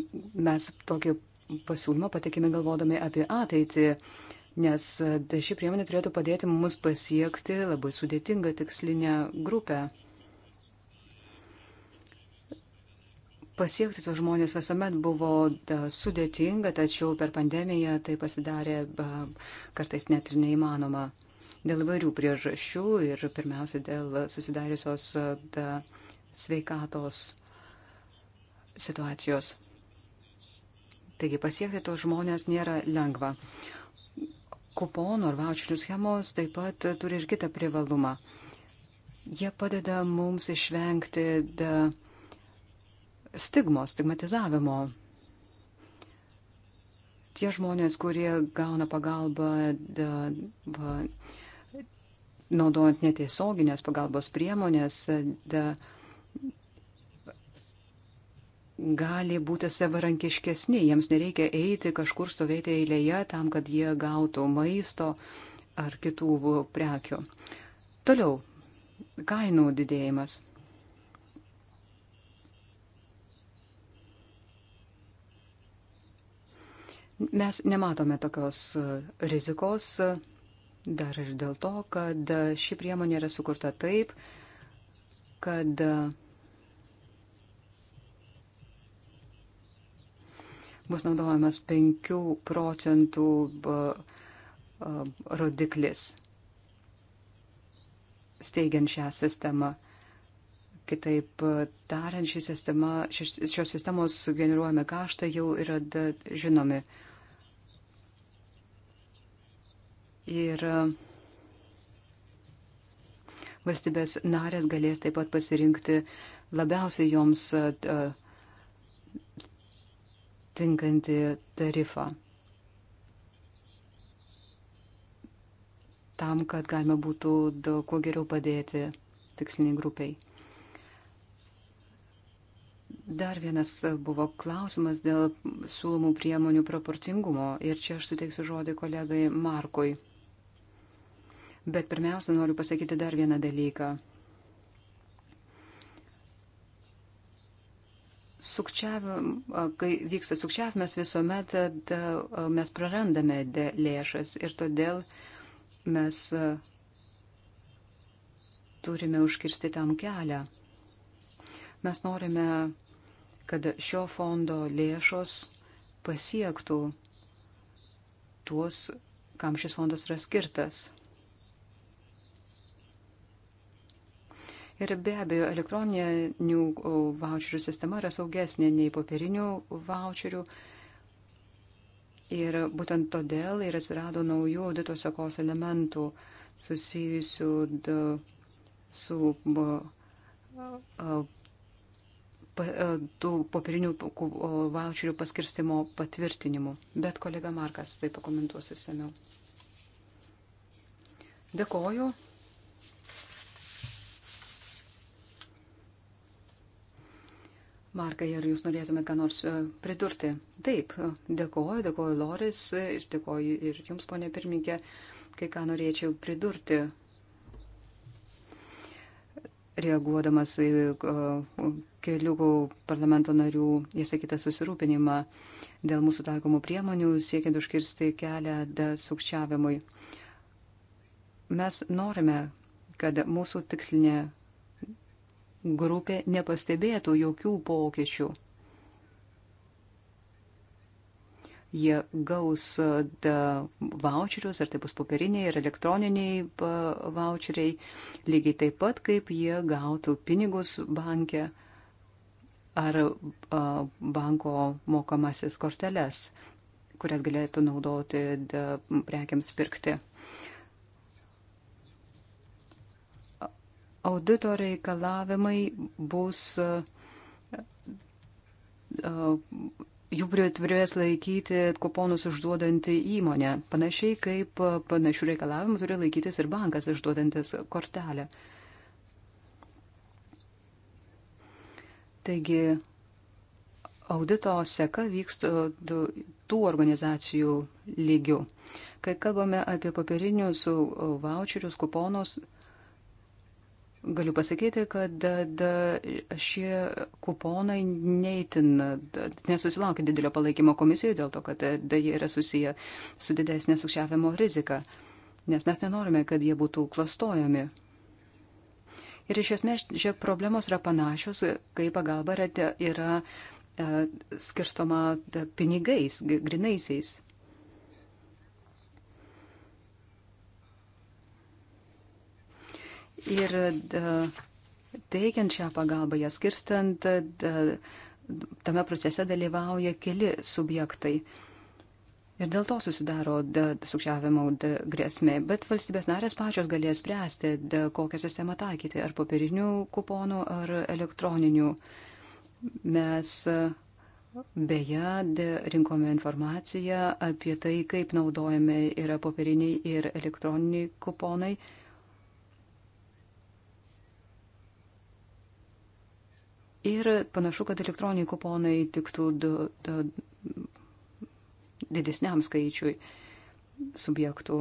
mes tokį pasiūlymą patikime galvodami apie ateitį, nes ši priemonė turėtų padėti mums pasiekti labai sudėtingą tikslinę grupę. Pasiekti tos žmonės visuomet buvo da, sudėtinga, tačiau per pandemiją tai pasidarė ba, kartais net ir neįmanoma. Dėl įvairių priežasčių ir pirmiausia dėl susidariusios da, sveikatos situacijos. Taigi pasiekti tos žmonės nėra lengva. Kuponų ar vaučerių schemos taip pat turi ir kitą privalumą. Jie padeda mums išvengti stigmos, stigmatizavimo. Tie žmonės, kurie gauna pagalbą da, va, naudojant netiesioginės pagalbos priemonės, da, gali būti savarankiškesni, jiems nereikia eiti kažkur stovėti eilėje tam, kad jie gautų maisto ar kitų prekių. Toliau, kainų didėjimas. Mes nematome tokios rizikos dar ir dėl to, kad ši priemonė yra sukurta taip, kad uh, bus naudojamas 5 procentų rodiklis steigiant šią sistemą. Kitaip tariant, ši sistema, šios sistemos generuojami kaštai jau yra žinomi. Ir valstybės narės galės taip pat pasirinkti labiausiai joms tinkantį tarifą. Tam, kad galima būtų daug kuo geriau padėti tiksliniai grupiai. Dar vienas buvo klausimas dėl siūlomų priemonių proporcingumo ir čia aš suteiksiu žodį kolegai Markui. Bet pirmiausia, noriu pasakyti dar vieną dalyką. sukčiavim, kai vyksta sukčiavimas, visuomet da, mes prarandame lėšas ir todėl mes turime užkirsti tam kelią. Mes norime, kad šio fondo lėšos pasiektų tuos, kam šis fondas yra skirtas. Ir be abejo, elektroninių voucherių sistema yra saugesnė nei popierinių voucherių. Ir būtent todėl ir atsirado naujų audito sekos elementų susijusių d, su b, a, tų popierinių voucherių paskirstimo patvirtinimu. Bet kolega Markas tai pakomentuos įsamiau. Dėkoju. Markai, ar jūs norėtumėt ką nors e, pridurti? Taip, e, dėkoju, dėkoju Loris e, ir dėkoju ir jums, ponė pirmininkė, kai ką norėčiau pridurti. Reaguodamas į kelių parlamento narių įsakytą susirūpinimą dėl mūsų taikomų priemonių, siekiant užkirsti kelią sukčiavimui. Mes norime, kad mūsų tikslinė grupė nepastebėtų jokių pokyčių. Jie gaus voucherius, ar tai bus popieriniai ir elektroniniai voucheriai, lygiai taip pat, kaip jie gautų pinigus banke ar banko mokamasis korteles, kurias galėtų naudoti prekiams pirkti. audito reikalavimai bus, e, e, jų turės laikyti kuponus užduodanti įmonė, panašiai kaip e, panašių reikalavimų turi laikytis ir bankas išduodantis kortelę. Taigi, audito seka vyksta tų organizacijų lygių. Kai kalbame apie papirinius voucherius, kuponus, uh, Galiu pasakyti, kad da, da, šie kuponai neįtin nesusilaukia didelio palaikymo komisijoje dėl to, kad da, jie yra susiję su didesnė sukčiavimo rizika, nes mes nenorime, kad jie būtų klastojami. Ir iš esmės šie problemos yra panašios, kai pagalba yra, yra e, skirstoma da, pinigais, grinaisiais. Ir e, teikiant šią pagalbą, ją skirstant, e, tame procese dalyvauja keli subjektai. Ir dėl to susidaro sukčiavimo grėsmė. Bet valstybės narės pačios galės spręsti, da, kokią sistemą taikyti, ar popierinių kuponų, ar elektroninių. Mes e, beje da, rinkome informaciją apie tai, kaip naudojami yra popieriniai ir elektroniniai kuponai. Ir panašu, kad elektroniniai kuponai tiktų du, du, didesniam skaičiui subjektų.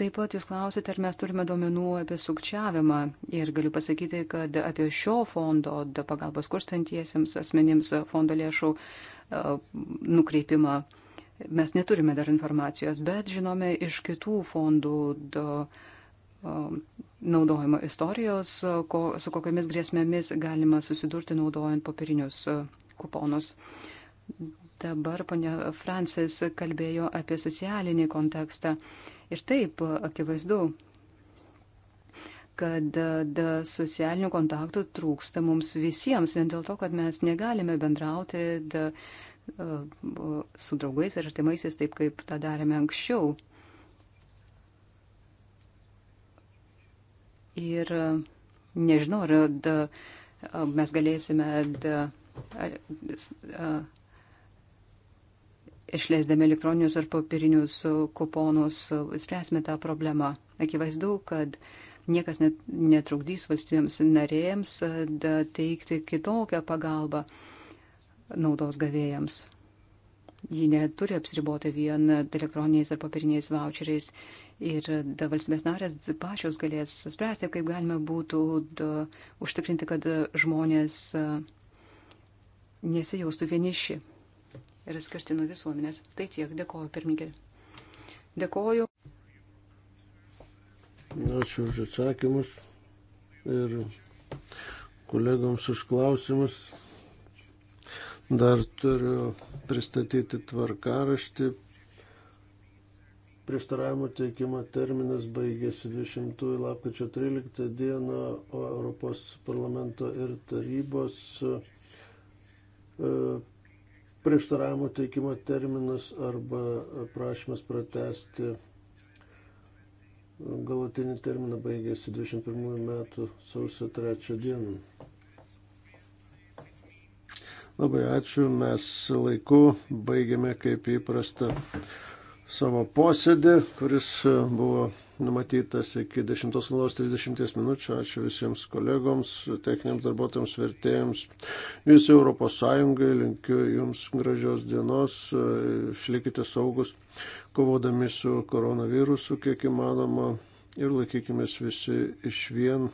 Taip pat jūs klausite, ar mes turime duomenų apie sukčiavimą. Ir galiu pasakyti, kad apie šio fondo pagalbos kurstantiesiems asmenims fondo lėšų nukreipimą mes neturime dar informacijos, bet žinome iš kitų fondų do, naudojimo istorijos, ko, su kokiamis grėsmėmis galima susidurti naudojant popierinius e, kuponus. Dabar ponia Francis kalbėjo apie socialinį kontekstą. Ir taip, akivaizdu, kad e, da, socialinių kontaktų trūksta mums visiems, vien dėl to, kad mes negalime bendrauti da, e, su draugais ir artimaisiais taip, kaip tą darėme anksčiau. Ir e, nežinau, ar da, mes galėsime da, išleisdami elektroninius ar papirinius kuponus, spręsime tą problemą. Akivaizdu, kad niekas net, netrukdys valstybėms narėjams da, teikti kitokią pagalbą naudos gavėjams. Ji neturi apsiriboti vien elektroniniais ar papiriniais voucheriais ir valstybės narės pačios galės spręsti, kaip galima būtų da, užtikrinti, kad žmonės nesijaustų vieniši ir skirti nuo visuomenės. Tai tiek, dėkoju, pirmininkė. Dėkoju. Ačiū už atsakymus ir kolegoms už klausimus. Dar turiu pristatyti tvarkaraštį prieštaravimų teikimo terminas baigėsi 20 lapkričio 13 dieną, o Europos parlamento ir tarybos e, prieštaravimų teikimo terminas arba prašymas pratesti galutinį terminą baigėsi 21 metų sausio 3 dieną. Labai ačiū, mes laiku baigėme kaip įprasta savo posėdį, kuris e, buvo numatytas iki 10.30 minučių. Ačiū visiems kolegoms, techniniams darbuotojams, vertėjams, visai Europos Sąjungai. Linkiu Jums gražios dienos, e, išlikite saugus, kovodami su koronavirusu, kiek įmanoma, ir laikykime visi iš vien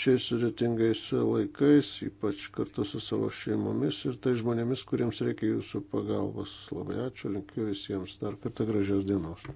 šiais sudėtingais laikais, ypač kartu su savo šeimomis ir tai žmonėmis, kuriems reikia jūsų pagalbos. Labai ačiū, linkiu visiems dar kartą gražios dienos.